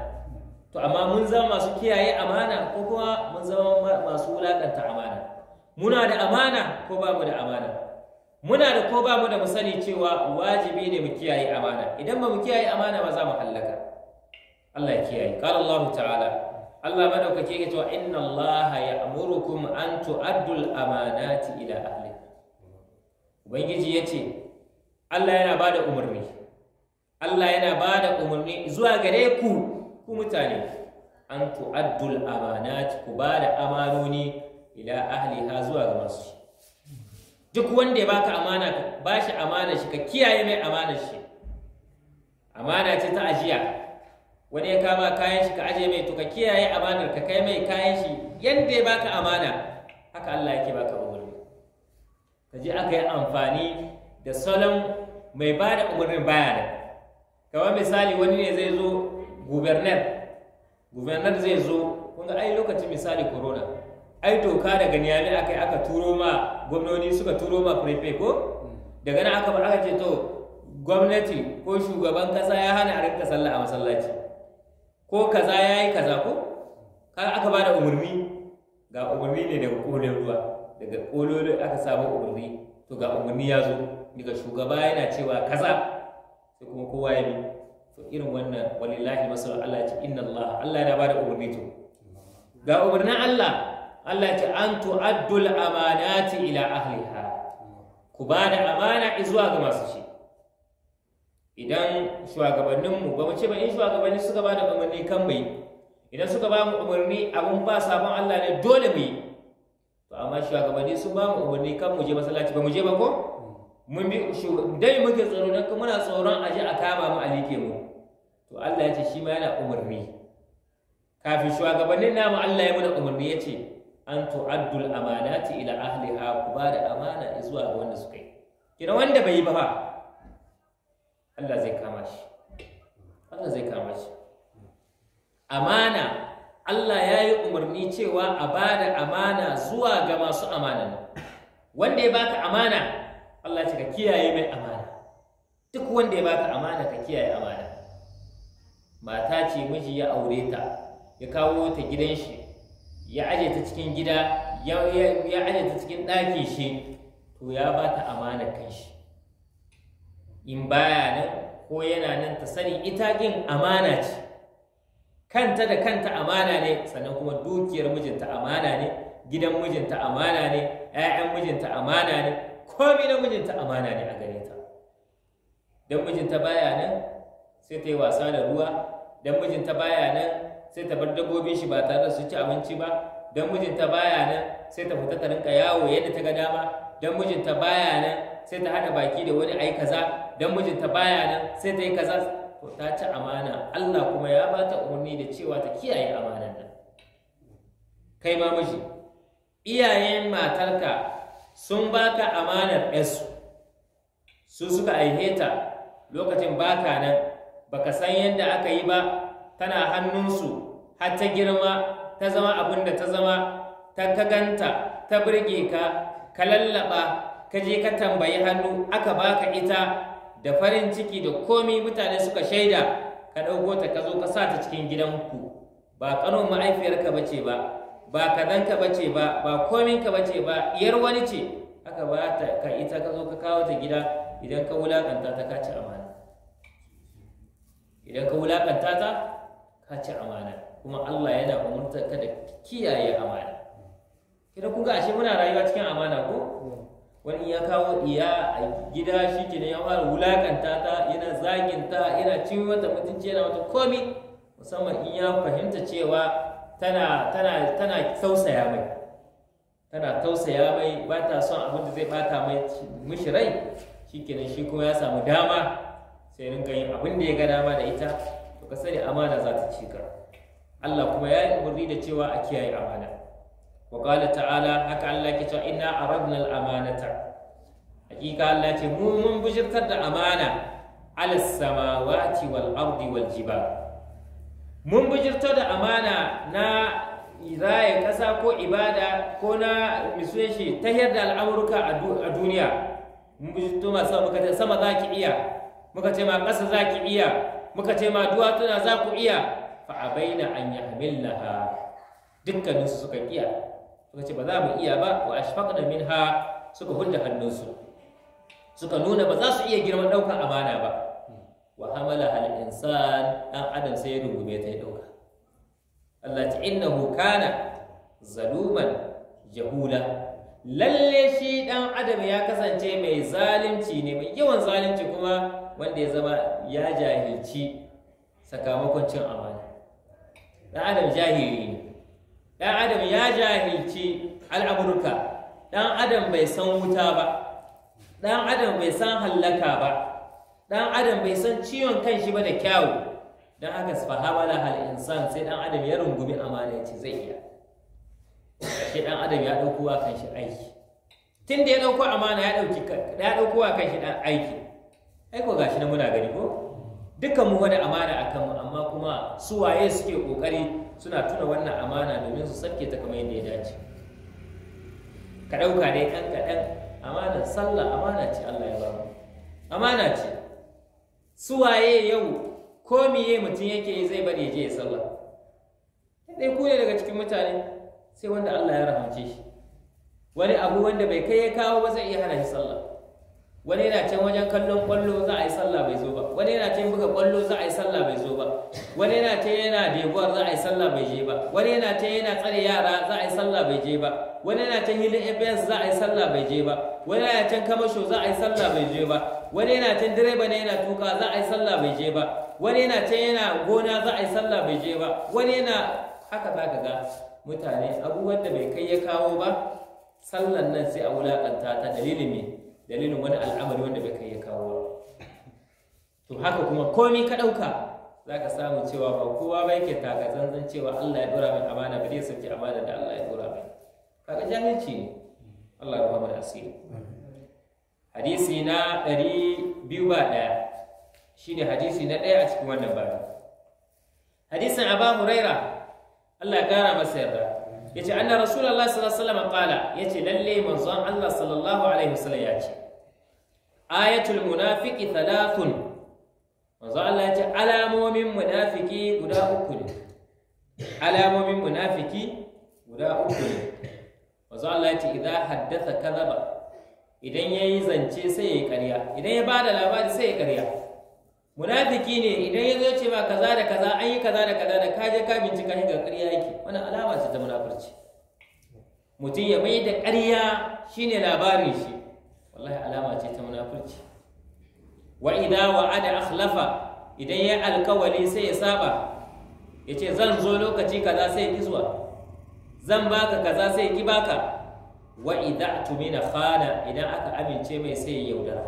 to amma mun zama masu kiyaye amana ko kuma mun zama masu wulakanta amana muna da amana ko ba mu da amana muna da ko ba mu da mu sani cewa wajibi ne mu kiyaye amana idan ba mu kiyaye amana ba za mu hallaka Allah ya kiyaye qala Allah ta'ala Allah madaukake yake cewa inna Allah ya'murukum an tu'addul amanati ila ahli ubangiji yace Allah yana ba da umarni Allah yana ba da umarni zuwa gare ku ku mutane an tu'addul amanat ku ba da amanoni ila ahliha zuwa ga masu duk wanda ya baka amana ba bashi amana shi ka kiyaye mai amana shi amana ce ta ajiya wani ya kama kayan shi ka aje mai to ka kiyaye amanar ka kai mai kayan shi yanda ya baka amana haka Allah yake baka umarni ka je aka yi amfani da salon mai ba da umarnin baya da kamar misali wani ne zai zo gubernar gubernar zai zo kun ai lokacin misali corona ai doka daga niyami aka aka turo ma gwamnoni suka turo ma prefect ko daga nan aka bar aka ce to gwamnati ko shugaban kasa ya hana a rinka sallah a masallaci ko kaza ya yi kaza ko kaga aka ba da umarni ga umarni ne daga kolin ruwa daga kololi aka samu umarni to ga umarni ya zo daga shugaba yana cewa kaza sai kuma kowa ya bi to irin wannan walillahi masallu Allah ya ce inna Allah Allah yana bada umarni to ga umarnin Allah Allah ya ce an tu'addu al-amanati ila ahliha ku ba da amana zuwa ga masu shi idan shugabanninmu ba mu ce ba in shugabanni suka ba da umarni kan bai idan suka ba mu umarni abun ba sabon Allah ne dole mu yi to amma shugabanni sun ba mu umarni kan mu je masallaci ba mu je ba ko mun bi ushur dai muke tsoro dan kuma muna tsoron aje a kama mu a jike mu to Allah ya ce shi ma yana umarni kafin shugabannin namu Allah ya mana umarni ya ce an tu'addul amanati ila ahliha ku ba da amana zuwa ga wanda suka yi kina wanda bai yi ba fa Allah zai kama shi Allah zai kama shi amana Allah ya yi umarni cewa a ba da amana zuwa ga masu amana wanda ya baka amana Allah ce ka kiyaye mai amana duk wanda ya baka amana ka kiyaye amana mata ce miji ya aure ta ya kawo ta gidan shi ya aje ta cikin gida ya aje ta cikin ɗaki shi to ya ba ta amana kan shi in baya nan ko yana nan ta sani ita gin amana ce kanta da kanta amana ne sannan kuma dukiyar mijinta amana ne gidan mijinta amana ne 'ya'yan mijinta amana ne Komi na mijinta amana ne a gare ta dan mijinta baya nan sai ta yi wasa da ruwa dan mijinta baya nan sai ta bar dabbobin shi ba tare da su ci abinci ba dan mijinta baya nan sai ta fita ta rinka yawo yadda ta ga dama dan mijinta baya nan sai ta hada baki da wani ai kaza dan mijinta baya nan sai ta yi kaza to ta ci amana Allah kuma ya ba ta umarni da cewa ta kiyaye amanar nan kai ma miji iyayen matarka sun baka amanar yasu su suka aihe ta lokacin baka nan baka san yadda aka yi ba tana hannunsu har ta girma ta zama abin da ta zama ta kaganta ta birge ka ka lallaba ka je ka tambayi hannu aka baka ita da farin ciki da komi mutane suka shaida ka ɗauko ta ka zo ka sa ta cikin gidanku ba ƙanon ma'aifiyarka ba ce ba ba kaɗanka ba ce ba ba kominka ba ce ba iyar wani ce aka ba ta ka ita ka zo ka kawo ta gida idan ka wulaƙanta ta ka ci amana idan ka wulakanta ta ka ci amana kuma Allah yana umurtar ka da kiyaye amana kina kun ga ashe muna rayuwa cikin amana ko wani ya kawo iya a gida shi ke ya fara wulakanta ta yana zaginta yana cin mata mutunci yana mata komi musamman in ya fahimta cewa tana tana tana tausaya mai tana tausaya mai ba ta son abin da zai bata mai mishi rai shikenan shi kuma ya samu dama sai rinka yin abin da ya ga dama da ita to ka sani amana za ta ci ka Allah kuma ya yi umarni da cewa a kiyaye amana wa qala ta'ala haka Allah ke cewa inna aradna al-amanata hakika Allah ce mu mun bujirtar da amana ala samawati wal ardi wal jibal mun bijirto da amana na raya ƙasa ko ibada ko na misuyashi ta da al'amurka a duniya mun bijirto masu muka ce sama za ki iya muka ce ma ƙasa za ki iya muka ce ma duwatsuna za ku iya a fa'abaina an yi ha dukkaninsu suka iya suka ce ba za mu iya ba wa min ha suka hunda hannunsu suka nuna ba za su iya girman ɗaukar amana ba wa hamala hal insan dan adam sai ya rungume ta ya dauka Allah ta innahu kana zaluman jahula lalle shi dan adam ya kasance mai zalunci ne mai yawan zalunci kuma wanda ya zama ya jahilci sakamakon cin amana dan adam jahili ne ɗan adam ya jahilci al'amurka ɗan adam bai san wuta ba ɗan adam bai san hallaka ba dan adam bai san ciwon kan shi ba da kyawu dan aka fahamala hal insan sai dan adam ya rungumi amana ya ce zai iya shi dan adam ya dauko wa kan shi aiki tun da ya dauko amana ya dauki ya dauko wa kan shi dan aiki ai ko gashi na muna gani ko dukan mu wani amana akan mu amma kuma su waye suke kokari suna tuna wannan amana domin su sake ta kamar yadda ya dace ka dauka dai kan kadan amanar sallah amana ce Allah ya ba mu amana ce suwaye yau ko miye mutum yake zai ya je ya sallah dai ku ne daga cikin mutane sai wanda Allah ya rahamce shi wani abu wanda bai kai ya kawo ba zai iya hana shi sallah wani yana can wajen kallon kwallo za a yi sallah bai zo ba wani yana can buga kwallo za a yi sallah bai zo ba wani yana can yana debuwar za a yi sallah bai je ba wani yana can yana tsare yara za a yi sallah bai je ba wani yana can hilin ebens za a yi sallah bai je ba wani yana can kamasho za a yi sallah bai je ba wani yana can direba ne yana tuka za a yi sallah bai je ba wani yana can yana gona za a yi sallah bai je ba wani yana haka za ka ga mutane abubuwan da bai kai ya kawo ba sallan nan sai a wulaƙanta ta dalilin me dalilin wani al'amari wanda bai kai ya kawo ba to haka kuma komi ka ɗauka za ka samu cewa ba kowa ba yake taka tsantsan cewa Allah ya dora min amana ba zai sauke amana da Allah ya dora min kaga jahilci ne Allah ya rahama da asiri hadisi na ɗari biyu ba ɗaya shine hadisi na ɗaya a cikin wannan babu hadisin aba huraira Allah ya kara masa yarda yace anna rasulullahi sallallahu alaihi wasallam Ya ce lalle manzon Allah sallallahu alaihi wasallam yace ayatul munafiqi thalathun manzon Allah ya ce alamomin munafiki guda uku ne alamomin munafiki guda uku ne manzon Allah ya yace idza haddatha kadhaba idan ya yi zance sai ya yi ƙarya idan ya ba da labari sai ya ƙarya munafiki ne idan ya zo ce ma kaza da kaza an yi kaza da kaza da kaje ka bincika shi ga ƙarya yake wannan alama ce ta munafurci mutum ya mai da ƙarya shine labarin shi wallahi alama ce ta munafurci wa idza wa'ada akhlafa idan ya alkawali sai ya saba yace zan zo lokaci kaza sai ki zuwa zan baka kaza sai ki baka wa idza tumina khana idan aka amince mai sai yaudara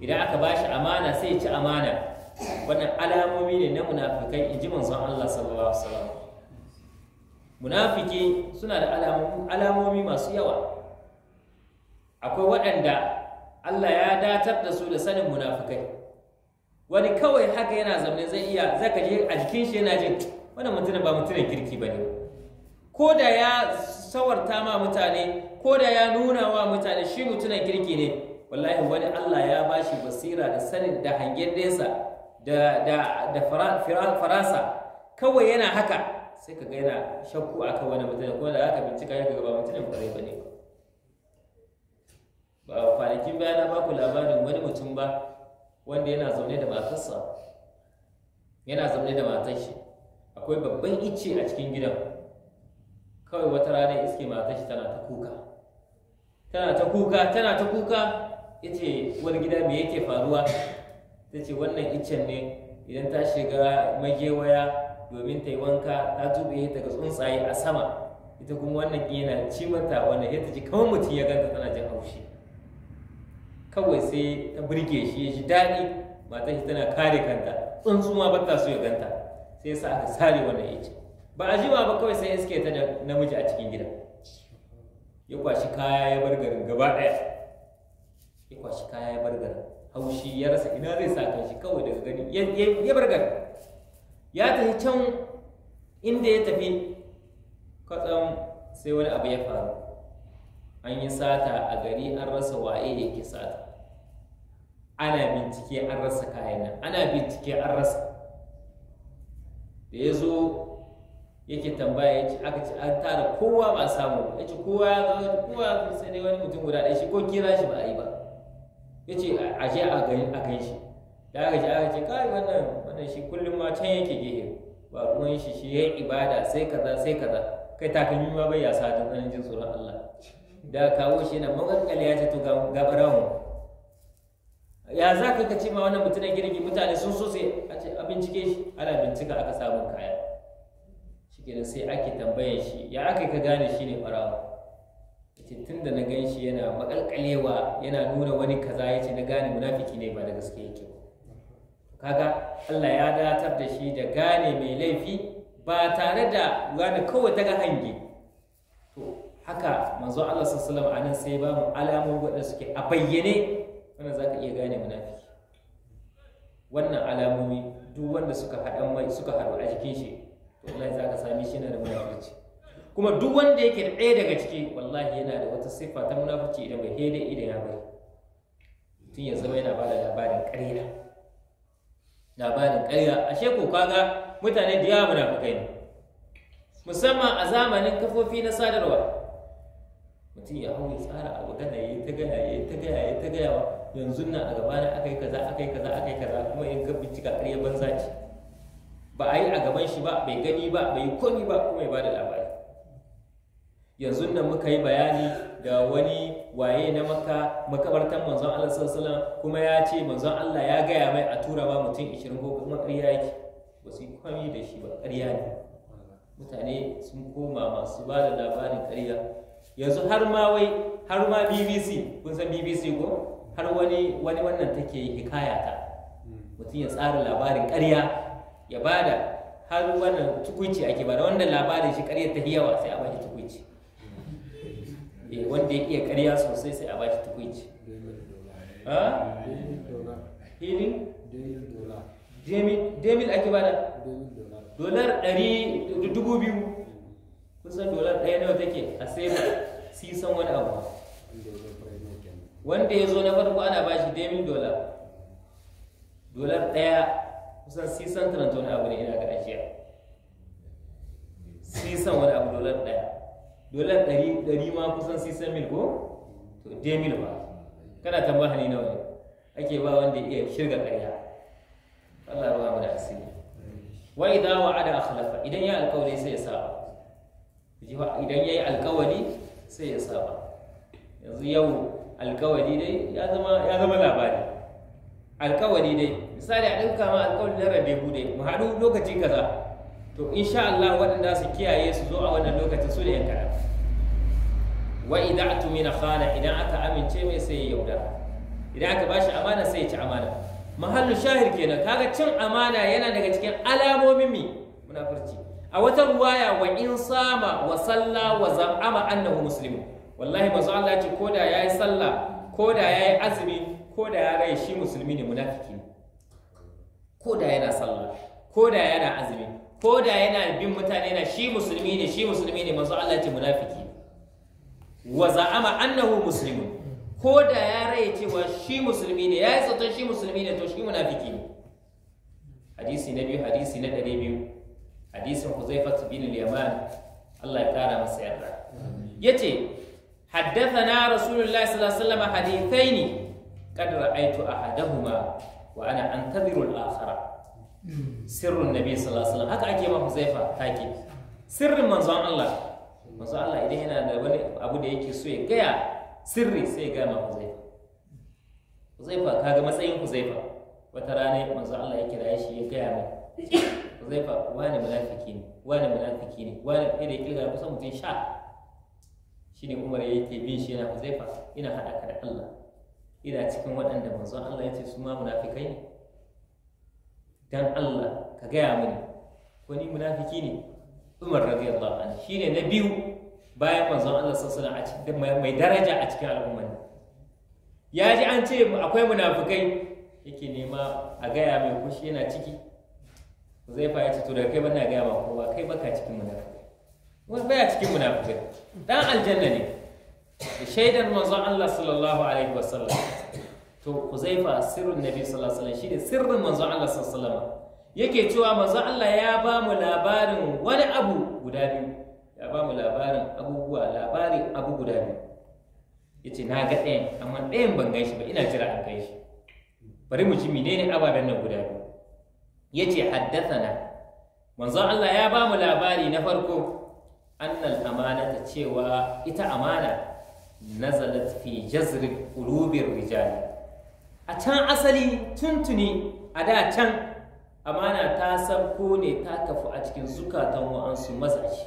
idan aka bashi amana sai ya ci amana wannan alamomi ne na munafikai in ji manzon Allah sallallahu alaihi wasallam munafiki suna da alamomi masu yawa akwai waɗanda Allah ya datar da su da sanin munafikai wani kawai haka yana zaune zai iya zaka je a jikin shi yana jin wannan mutumin ba mutumin kirki bane ko da ya sawarta ma mutane ko da ya nuna wa mutane shi mutunan kirki ne wallahi wani Allah ya bashi basira da sanin da hangen nesa da da da kawai yana haka sai ka gaina shakku a kan wani mutane ko da aka bincika ya ga ba mutumin kwarai ne. ba kwanakin baya na baku labarin wani mutum ba wanda yana zaune da matarsa yana zaune da matar shi akwai babban icce a cikin gidan kawai wata rana iske matar shi tana ta kuka tana ta kuka tana ta kuka yace wani gida me yake faruwa ta ce wannan iccen ne idan ta shiga magewaya domin ta yi wanka ta ta ga tsuntsaye a sama ita kuma wannan yana cimanta mata wanda ta ji kamar mutum ya ganta tana jin haushi kawai sai ta burge shi ya ji daɗi matan shi tana kare kanta tsuntsu ma ba ta so ya ganta sai sa aka sare wannan iccen ba a jima ba kawai sai iske ta namiji a cikin gida. ya kwashi kaya ya bar garin gaba ɗaya ya kwashi kaya ya bar garin haushi ya rasa ina zai sa kan shi kawai daga gani ya bar garin ya tafi can inda ya tafi kwatsam sai wani abu ya faru an yi sata a gari an rasa waye yake sata ana bincike an rasa kayan nan ana bincike an rasa da ya zo yake tambaya ya ce aka ce an tara kowa ba samu ya ce kowa ya zo kowa ya sai dai wani mutum guda ɗaya shi ko kira shi ba a yi ba ya ce a je a gan shi da aka ce aka ce kai wannan wannan shi kullum ma can yake gehe ba ruwan shi shi ya ibada sai kaza sai kaza kai takalmi ma bai ya sa don ɗan jin tsoron Allah da kawo shi yana magankali ya ce to ga barawo ya za ka ce ma wannan mutum na girgi mutane sun so sai a ce a bincike shi ana bincika aka samun kaya shikenan sai ake tambayar shi ya aka ka gane shi ne barawo yace da na gan shi yana makalkalewa yana nuna wani kaza yace na gane munafiki ne ba da gaske yake kaga Allah ya datar da shi da gane mai laifi ba tare da gane kawai daga hange to haka manzo Allah sallallahu alaihi wasallam sai ba mu alamomi waɗanda suke a bayyane wanda zaka iya gane munafiki wannan alamomi duk wanda suka suka haɗu a jikin shi wallahi za ka sami shi na da munafurci kuma duk wanda yake ɗaya daga ciki wallahi yana da wata siffa ta munafurci idan bai hede idan ya bari tun ya zama yana labarin ƙarya labarin ƙarya ashe ko kaga mutane da yawa munafukai ne musamman a zamanin kafofi na sadarwa mutum ya hau ya tsara abu gana ya ta gaya ya ta gaya ya ta gaya yanzu na a gabana aka yi kaza aka yi kaza aka yi kaza kuma in ka bincika ƙarya banza ce ba a yi a gaban shi ba bai gani ba bai komi ba kuma ya ba da labari yanzu nan muka yi bayani da wani waye na maka makabartan manzon Allah sallallahu kuma ya ce manzon Allah ya gaya mai a tura ba mutum 20 ko kuma ƙarya yake ba su yi kwami da shi ba ƙarya ne mutane sun koma masu ba da labarin ƙarya yanzu har ma wai har ma BBC kun san BBC ko har wani wani wannan take hikaya ta hmm. mutum ya tsara labarin ƙarya ya bada har wannan tukunci ake bada wanda labarin shi karyar ta yawa sai a bashi tukunci eh, wanda ya iya karya sosai sai a bashi tukunci hili demil ake bada dolar ɗari dubu biyu kusan dolar ɗaya nawa take a sai si san wani abu wanda ya zo na farko ana bashi demil dolar dolar ɗaya kusan sisan taranta wani abu ne ina ga ajiya sisan wani abu dolar ɗaya dolar ɗari ɗari ma kusan sisan mil ko to de mil ba kana tambar hali nawa ake ba wanda iya shirga ƙarya Allah ruwa mu da asiri wa idza wa'ada akhlafa idan ya alƙawari sai ya saba idan ya yi alƙawari sai ya saba yanzu yau alƙawari dai ya zama ya zama labari alƙawari dai misali a ɗauka ma alƙawarin na rabe bude mu haɗu lokaci kaza to insha Allah waɗanda su kiyaye su zo a wannan lokacin su da yan kaɗan wa idan atumina khana idan aka amince mai sai ya yauda idan aka bashi amana sai ya ci amana mahallu shahir kenan kaga cin amana yana daga cikin alamomin mi munafurci a wata ruwaya wa in sama wa salla wa zam'ama annahu muslimu wallahi manzo Allah ya ce koda yayi salla koda yayi azumi koda ya rai shi musulmi ne munafiki ne ko da yana sallah ko da yana azumi ko da yana bin mutane na shi musulmi ne shi musulmi ne manzo Allah ce munafiki wa za'ama annahu muslimun ko da ya rai cewa shi musulmi ne ya yi tsaton shi musulmi ne to shi munafiki ne hadisi na biyu hadisi na ɗari biyu hadisin huzaifat bin yaman Allah ya kara masa yarda yace haddathana rasulullahi sallallahu alaihi wasallam hadithaini qad ra'aytu ahadahuma wa ana antadhiru al-akhara sirrun nabi sallallahu alaihi haka ake ma Huzaifa take sirrin manzon Allah manzon Allah idan yana da abu da yake so ya gaya sirri sai ya gaya ma Huzaifa Huzaifa matsayin Huzaifa wata rana manzon Allah ya kira shi ya gaya mai Huzaifa wani munafiki ne wani munafiki ne wani ɗaya da kusan mutum sha shine Umar yake bin shi yana Huzaifa ina haɗa da Allah ina cikin waɗanda manzon Allah ya ce su ma munafikai ne dan Allah ka gaya mini ko ni munafiki ne Umar radiyallahu anhu shine na biyu bayan manzon Allah sallallahu alaihi wasallam mai daraja a cikin al'umman ya ji an ce akwai munafikai yake nema a gaya mai kushi yana ciki zai fa ya ce to da kai bana gaya ma kowa kai baka cikin munafikai wani baya cikin munafikai dan aljanna ne da shaidar manzon Allah sallallahu alaihi wasallam to Huzaifa sirrin Nabi sallallahu alaihi wasallam shine sirrin manzon Allah sallallahu alaihi wasallam yake cewa manzon Allah ya ba mu labarin wani abu guda biyu ya ba mu labarin abubuwa labarin abu guda biyu yace na ga ɗayan amma ɗayan ban gan shi ba ina jira an gan shi bari mu ji menene ababen nan guda biyu yace haddathana manzon Allah ya ba mu labari na farko annal amanata cewa ita amana nazalat fi jazri qulubir Rijali. a can asali tuntuni a da can amana ta sabko ne ta kafu a cikin zukatan wa'ansu mazaje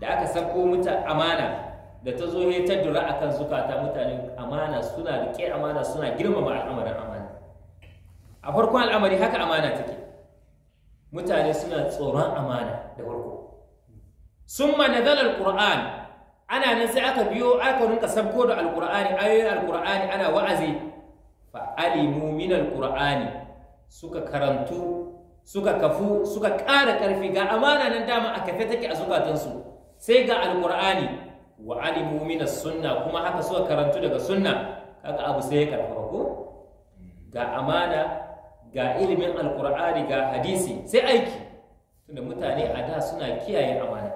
da aka sabko muta amana da ta zo ta dura akan zukata mutane amana suna rike amana suna girmama al'amarin amana a farkon al'amari haka amana take mutane suna tsoron amana da farko summa nazala alquran ana nan sai aka biyo aka rinka sabko da alkur'ani ayoyin alkur'ani ana wa'azi fa alimu min alkur'ani suka karantu suka kafu suka ƙara ƙarfi ga amana nan dama a kafe take a zukatansu sai ga alkur'ani wa alimu min sunna kuma haka suka karantu daga sunna kaga abu sai ya karfafa ko ga amana ga ilimin alkur'ani ga hadisi sai aiki tunda mutane a da suna kiyaye amana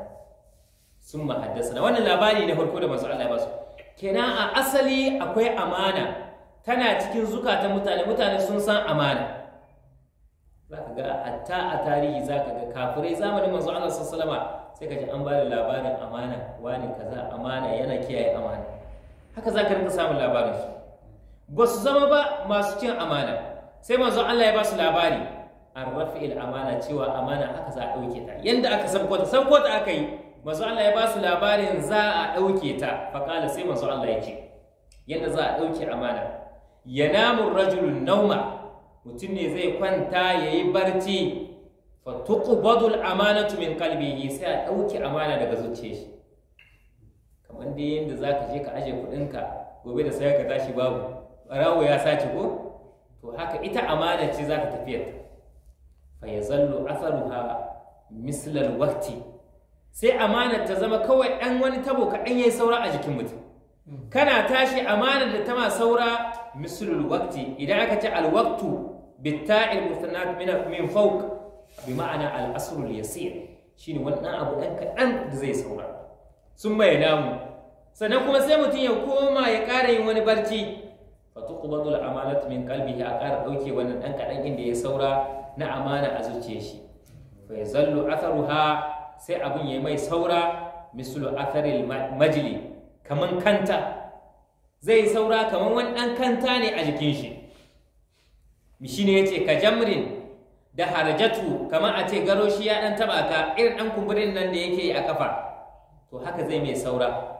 sun mahaddasa wannan labari na farko da masu Allah ba su kenan a asali akwai amana tana cikin zukatan mutane mutane sun san amana za ka ga hatta a tarihi za ka ga kafirai zamanin manzo Allah sallama sai ka an ba da labarin amana wani kaza amana yana kiyaye amana haka za ka rinka samun labarin su ba su zama ba masu cin amana sai manzo Allah ya ba su labari an rafi amana cewa amana haka za a ɗauke ta Yadda aka sabko ta sabko ta aka yi manzo Allah ya ba su labarin za a ɗauke ta faƙala sai manzo Allah ya ce yadda za a ɗauke amana Ya namun rajulun nauma mutum ne zai kwanta ya yi barci fatuqbadul amanatu min qalbihi sai a ɗauke amana daga zuciyar shi kamar dai yadda za ka je ka aje kuɗinka gobe da sai ka tashi babu rawo ya sace ko to haka ita amana ce za ka tafiyar ta fa ya zallo asaruha mislal wakti sai amanar ta zama kawai ɗan wani tabo kaɗan ya yi saura a jikin mutum kana tashi amanar da ta ma saura misulul wakti idan aka ce alwaktu bitta'il mustanat min min fawq bi ma'ana al-asrul yasir shine wannan abu ɗan kaɗan da zai saura sun mai namu sannan kuma sai mutum ya koma ya ƙara yin wani barci fa tuqbadu al min qalbihi ya ƙara ɗauke wannan ɗan kaɗan inda ya saura na amana a zuciyar shi fa yazallu atharuha sai abin ya mai saura mislu atharil majli kaman kanta zai saura kaman wani ɗan kanta ne a jikin shi shi ne ya ce ka jamrin da harajatu kamar a ce garo shi ya ɗan taɓa ka irin ɗan kumburin nan da yake a kafa to haka zai mai saura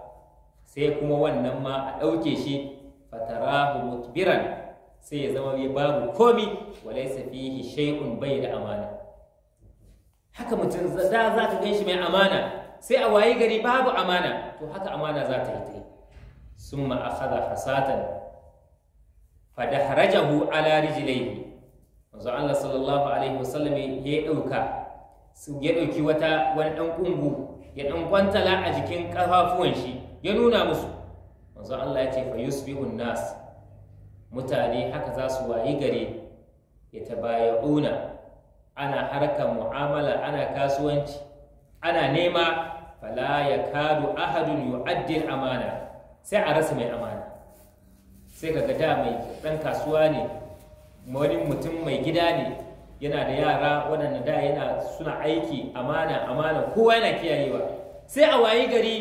sai kuma wannan ma a ɗauke shi fatarahu mutbiran sai ya zama babu komi walai fihi shay'un bai da amana haka mutum za ta gan shi mai amana sai a wayi gari babu amana to haka amana za ta yi ta yi sun ma'akada hasatan harajahu ala rijilaihi Wanzu Allah sallallahu alaihi wasallam ya dauka ya wata wani ɗan ƙungu ya ɗan kwantala a jikin ƙafafuwan shi ya nuna musu Wanzu Allah ya ce fa yusbihun nas mutane haka za su wayi gari ya tabayauna ana harkar mu'amala ana kasuwanci ana nema fala ya kadu ahadun yu'addil amana sai a rasa mai amana sai kaga da mai dan kasuwa ne wani mutum mai gida ne yana da yara waɗanda da yana suna aiki amana amana kowa yana kiyayewa sai a wayi gari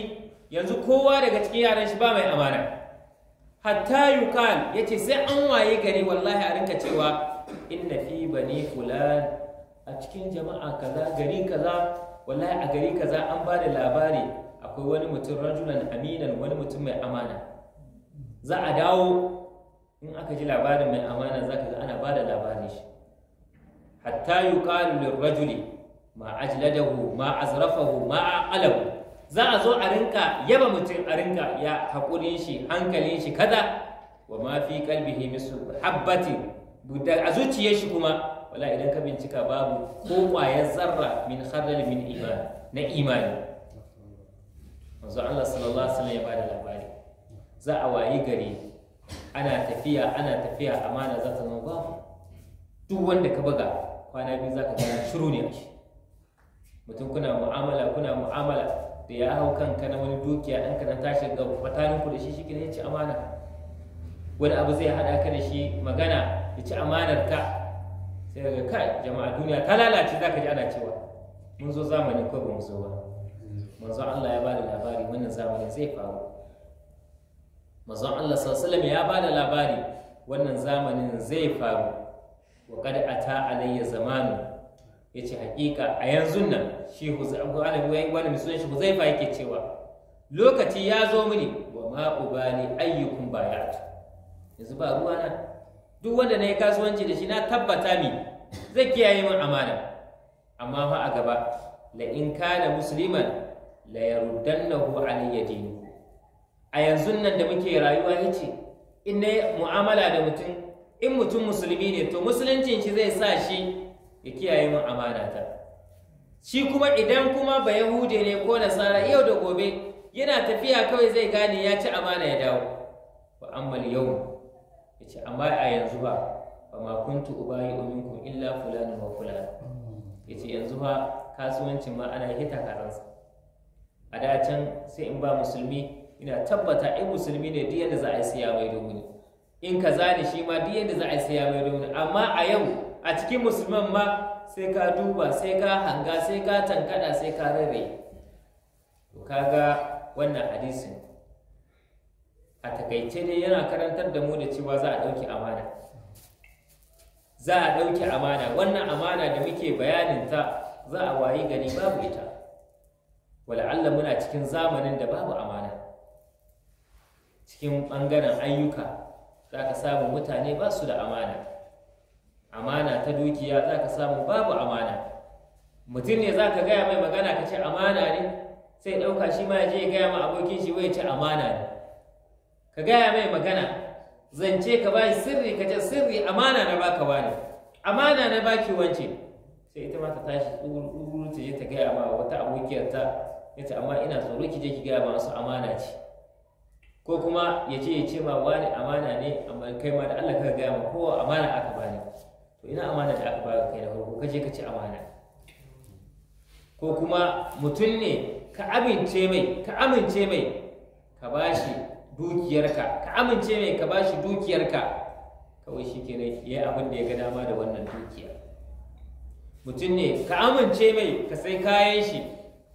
yanzu kowa daga cikin yaran shi ba mai amana hatta yukal yace sai an waye gari wallahi a rinka cewa inna fi bani fulan a cikin jama'a kaza gari kaza wallahi a gari kaza an ba da labari akwai wani mutum rajulan aminan wani mutum mai amana za a dawo in aka ji labarin mai amana za ka ga ana ba da labarin shi hatta yuqalu rajuli ma ajladahu ma azrafahu ma aqalahu za a zo a rinka yaba mutum a rinka ya haƙurin shi hankalin shi kaza wa ma fi qalbihi misu habbatin a zuciyar shi kuma wala idan ka bincika babu ko kwayar zarra min khardal min iman na imani manzo Allah sallallahu alaihi wasallam ya bada labari za a wayi gari ana tafiya ana tafiya amana za ta zama babu duk wanda ka buga kwana biyu za ka gana shiru ne a mutum kuna mu'amala kuna mu'amala da ya hau kanka na wani dukiya ɗan ka na tashi ga fataninku da shi shi ya ci amana wani abu zai haɗa ka da shi magana ya ci amanar ka sai daga kai jama'a duniya ta lalace za ka ji ana cewa mun zo zamani ko ba mu zo ba manzo Allah ya ba da labari wannan zamani zai faru manzo Allah sallallahu ya ba da labari wannan zamanin zai faru wa kad ata alayya zamanu yace hakika a yanzu nan shi Abu Alawi wai wani misalin shi fa yake cewa lokaci ya zo mini wa ma ubani ayyukum bayatu yanzu ba ruwa na duk wanda na yi kasuwanci da shi na tabbata mi zai kiyaye min amana amma fa a gaba la in kana musliman la yaruddannahu alayya a yanzu nan da muke rayuwa yace in na mu'amala da mutum in mutum musulmi ne to musuluncin shi zai sa shi ya kiyaye min amana ta shi kuma idan kuma ba yahude ne ko nasara yau da gobe yana tafiya kawai zai gane ya ci amana ya dawo fa ammal yau ce amma a yanzu ba ba ma kuntu ubayi illa fulani wa fulani ce yanzu ba kasuwancin ma ana hita karansa a da sai in ba musulmi ina tabbata in musulmi ne duk yadda za a yi siya mai domin in ka zani shi ma duk yadda za a yi siya mai domin amma a yau a cikin musulman ma sai ka duba sai ka hanga sai ka tankada sai ka rarraye to kaga wannan hadisin a takaice dai yana karantar da mu da cewa za a ɗauki amana za a ɗauki amana wannan amana da muke bayaninta za a wayi gani babu ita wala'alla muna cikin zamanin da babu amana cikin ɓangaren ayyuka za ka samu mutane ba su da amana amana ta dukiya za ka samu babu amana mutum ne za ka gaya mai magana ka ce amana ne sai ɗauka shi ma ya je ya gaya ma abokin shi wai ce amana ne ka gaya mai magana zance ka ba sirri ka ce sirri amana na baka wani amana na baki wance sai ita ma ta tashi tsuru ta je ta gaya ma wata abokiyarta ya ce amma ina tsoro ki je ki gaya ma wasu amana ce ko kuma ya ce ya ce ma wani amana ne amma kai ma da Allah ka gaya ma kowa amana aka bani to ina amana da aka baka kai da farko ka je ka ci amana ko kuma mutum ne ka amince mai ka amince mai ka bashi dukiyarka ka amince mai ka bashi dukiyarka kawai shi ke ya abin da ya ga dama da wannan dukiya mutum ne ka amince mai ka sai kayan shi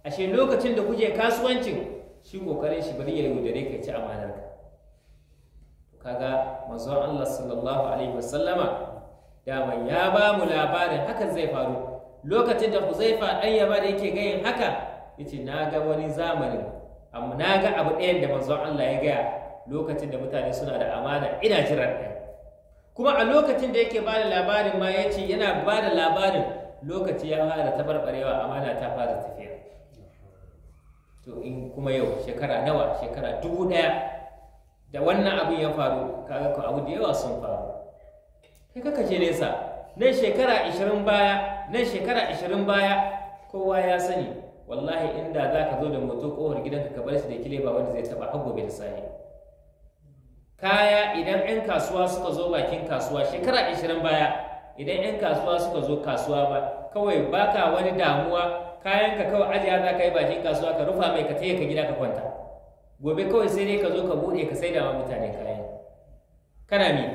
ashe lokacin da kuke kasuwancin shi kokarin shi bari ya yi da ka ci amanar ka kaga masu Allah sallallahu alaihi wasallama dama ya ba mu labarin hakan zai faru lokacin da Huzaifa ɗan Yaba da yake gayin haka yace na ga wani zamanin amma na ga abu ɗaya da manzon Allah ya gaya lokacin da mutane suna da amana ina jiran ɗaya kuma a lokacin da yake bada labarin ma ya ce yana bada labarin lokaci ya fara tabarbarewa amana ta fara tafiya to in kuma yau shekara nawa shekara dubu ɗaya da wannan abin ya faru kaga ko abu da yawa sun faru kai kaka je nesa nan shekara 20 baya nan shekara 20 baya kowa ya sani wallahi inda za ka zo da moto kowar gidanka ka bar shi da kile ba wanda zai taba har gobe da sani kaya idan 'yan kasuwa suka zo bakin kasuwa shekara 20 baya idan 'yan kasuwa suka zo kasuwa ba kawai baka wani damuwa kayanka kawai ajiya za ka yi bakin kasuwa ka rufa mai ka taya ka gida ka kwanta gobe kawai sai dai ka zo ka buɗe ka saida ma mutane kayan kana ne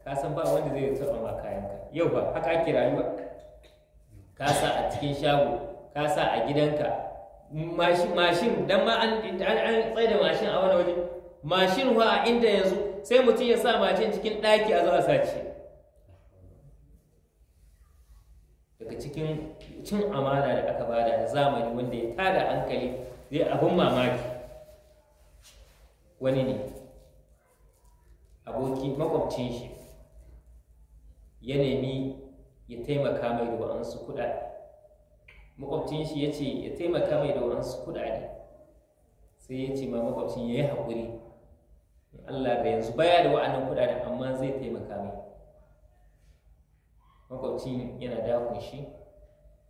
ka san ba wanda zai taba ma kayanka yau ba haka ake rayuwa ka sa a cikin shago ka sa a gidanka mashin dan ma an tsaye da mashin a wani waje mashin wa a inda yanzu sai mutum ya sa mashin cikin ɗaki a zo a sace daga cikin cin amana da aka bada da zamani wanda ya tada hankali zai abin mamaki wani ne aboki makwabcin shi ya nemi ya taimaka mai da wa'ansu kuɗaɗe makwabcin shi ya ce ya taimaka mai da wasu kuɗaɗe sai ya ce ma makwabcin ya yi haƙuri Allah da yanzu baya da wa'annan kuɗaɗen amma zai taimaka mai makwabcin yana dakon shi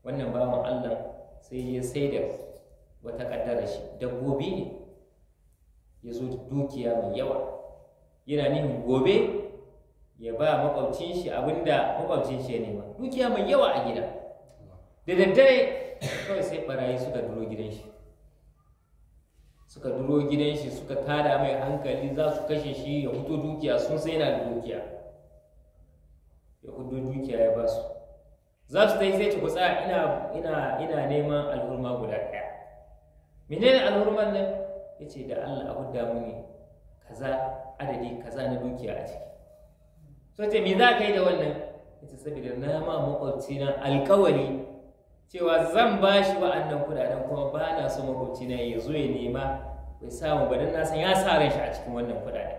wannan mu Allah sai ya sai da wata ƙaddara shi dabbobi ne ya zo da dukiya mai yawa yana nihin gobe ya ba makwabcin shi abinda makwabcin shi ya nema dukiya mai yawa a gida da daddare kawai sai barayi suka duro gidan shi suka duro gidan shi suka tada mai hankali za su kashe shi ya fito dukiya sun sai na dukiya ya fito dukiya ya ba su za su yi sai ci kusa ina ina ina neman al'umma guda ɗaya menene alhurman nan ya ce da allah abu damu ne kaza adadi kaza na dukiya a ciki so ce me za ka yi da wannan ya ce saboda na ma makwabci na alkawari cewa zan ba shi wa'annan kudaden kuma ba na so makwabci na ya zo ya nema bai samu ba don na san ya sa ran shi a cikin wannan kudaden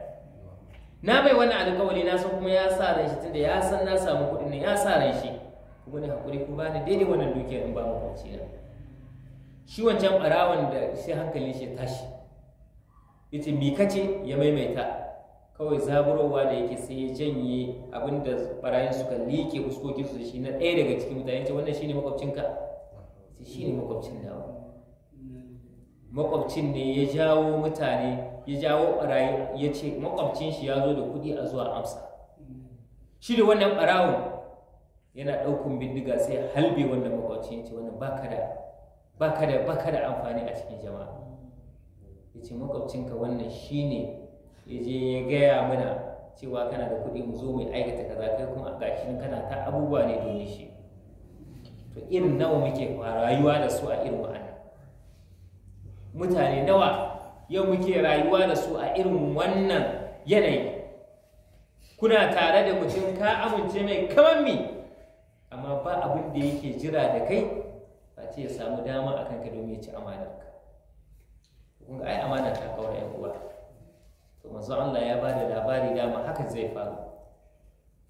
na bai wannan alkawari na san kuma ya sa ran shi tunda ya san na samu kudin nan ya sa ran shi kuma ni hakuri ko ba ni daidai wannan dukiyar in ba makwabci na shi wancan barawan da shi hankali shi tashi yace mi kace ya maimaita kawai zaburowa da yake sai ya janye abinda da barayin suka liƙe fuskokin su shi na ɗaya daga cikin mutane ce wannan shine makwabcinka shi ne makwabcin nawa makwabcin ne ya jawo mutane ya jawo ɓarayi ya ce makwabcin shi ya zo da kuɗi a zuwa amsa shi da wannan ɓarawon yana ɗaukun bindiga sai halbe wannan makwabcin ce wannan baka da da amfani a cikin jama'a ya ce makwabcinka wannan shi ne ya je ya gaya mana cewa kana da kuɗi mu zo mai aikata kaza kai kuma a gashi kana ta abubuwa ne domin shi to irin nawa muke rayuwa da su a irin wa'annan mutane nawa yau muke rayuwa da su a irin wannan yanayi kuna tare da mutum ka amince mai kamar mi amma ba abin da yake jira da kai ba ce ya samu dama a kanka domin ya ci amanarka kun ga ai amana ta kaura yan uwa to manzo Allah ya bada labari dama hakan zai faru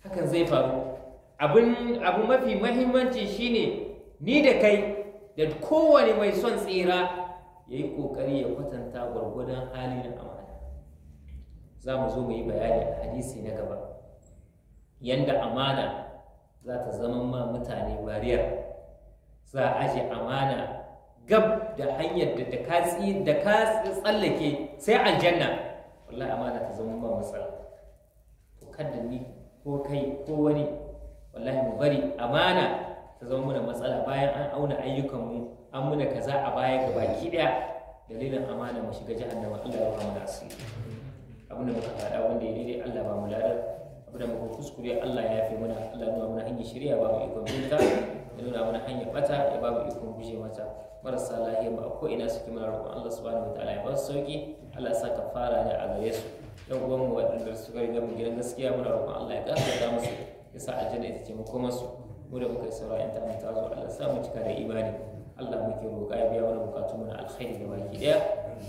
hakan zai faru abin abu mafi mahimmanci shine ni da kai da kowane mai son tsira ya yi ƙoƙari ya kwatanta gwargwadon hali na amana za mu zo mu yi bayani a hadisi na gaba yanda amana za ta zama ma mutane bariyar za a aje amana gab da hanyar da da ka tsallake sai aljanna wallahi amana ta zama ma matsala to ni ko kai ko wani wallahi mu bari amana ta zama muna matsala bayan an auna ayyukanmu an muna kaza a baya ga baki daya dalilin amana mu shiga jahannama Allah ya ba mu asiri abin da muka faɗa wanda ya daidai Allah ba mu ladar abin da muka kuskure Allah ya yafe mana Allah ya nuna hanyar shirya ba mu ikon binta ya nuna mana hanyar bata ya ba mu ikon guje mata marasa lahiya ba ko ina suke mana roƙon Allah subhanahu wataala ya ba su sauki Allah ya saka fara ne a gare su yan uwan mu waɗanda suka riga mu gidan gaskiya muna roƙon Allah ya gafarta musu ya sa aljanna ita ce makomarsu mu da muka yi saura yan tamu ta zo Allah sa mu cika da imani Allah muke roƙa ya biya mana bukatun mu na alkhairi da baki daya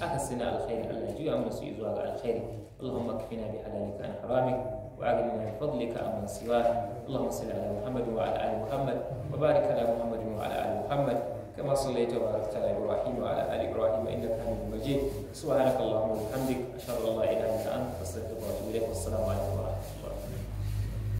aka sina alkhairi Allah juya mana su zuwa ga alkhairi Allahumma kafina bi halalika an haramik wa aghnina bi fadlika amman siwak Allahumma salli ala Muhammad wa ala ali Muhammad wa barik ala Muhammad wa ala Muhammad كما صليت وباركت على ابراهيم وعلى ال ابراهيم انك حميد مجيد سبحانك اللهم وبحمدك اشهد ان لا اله الا انت استغفرك واتوب اليك والسلام عليكم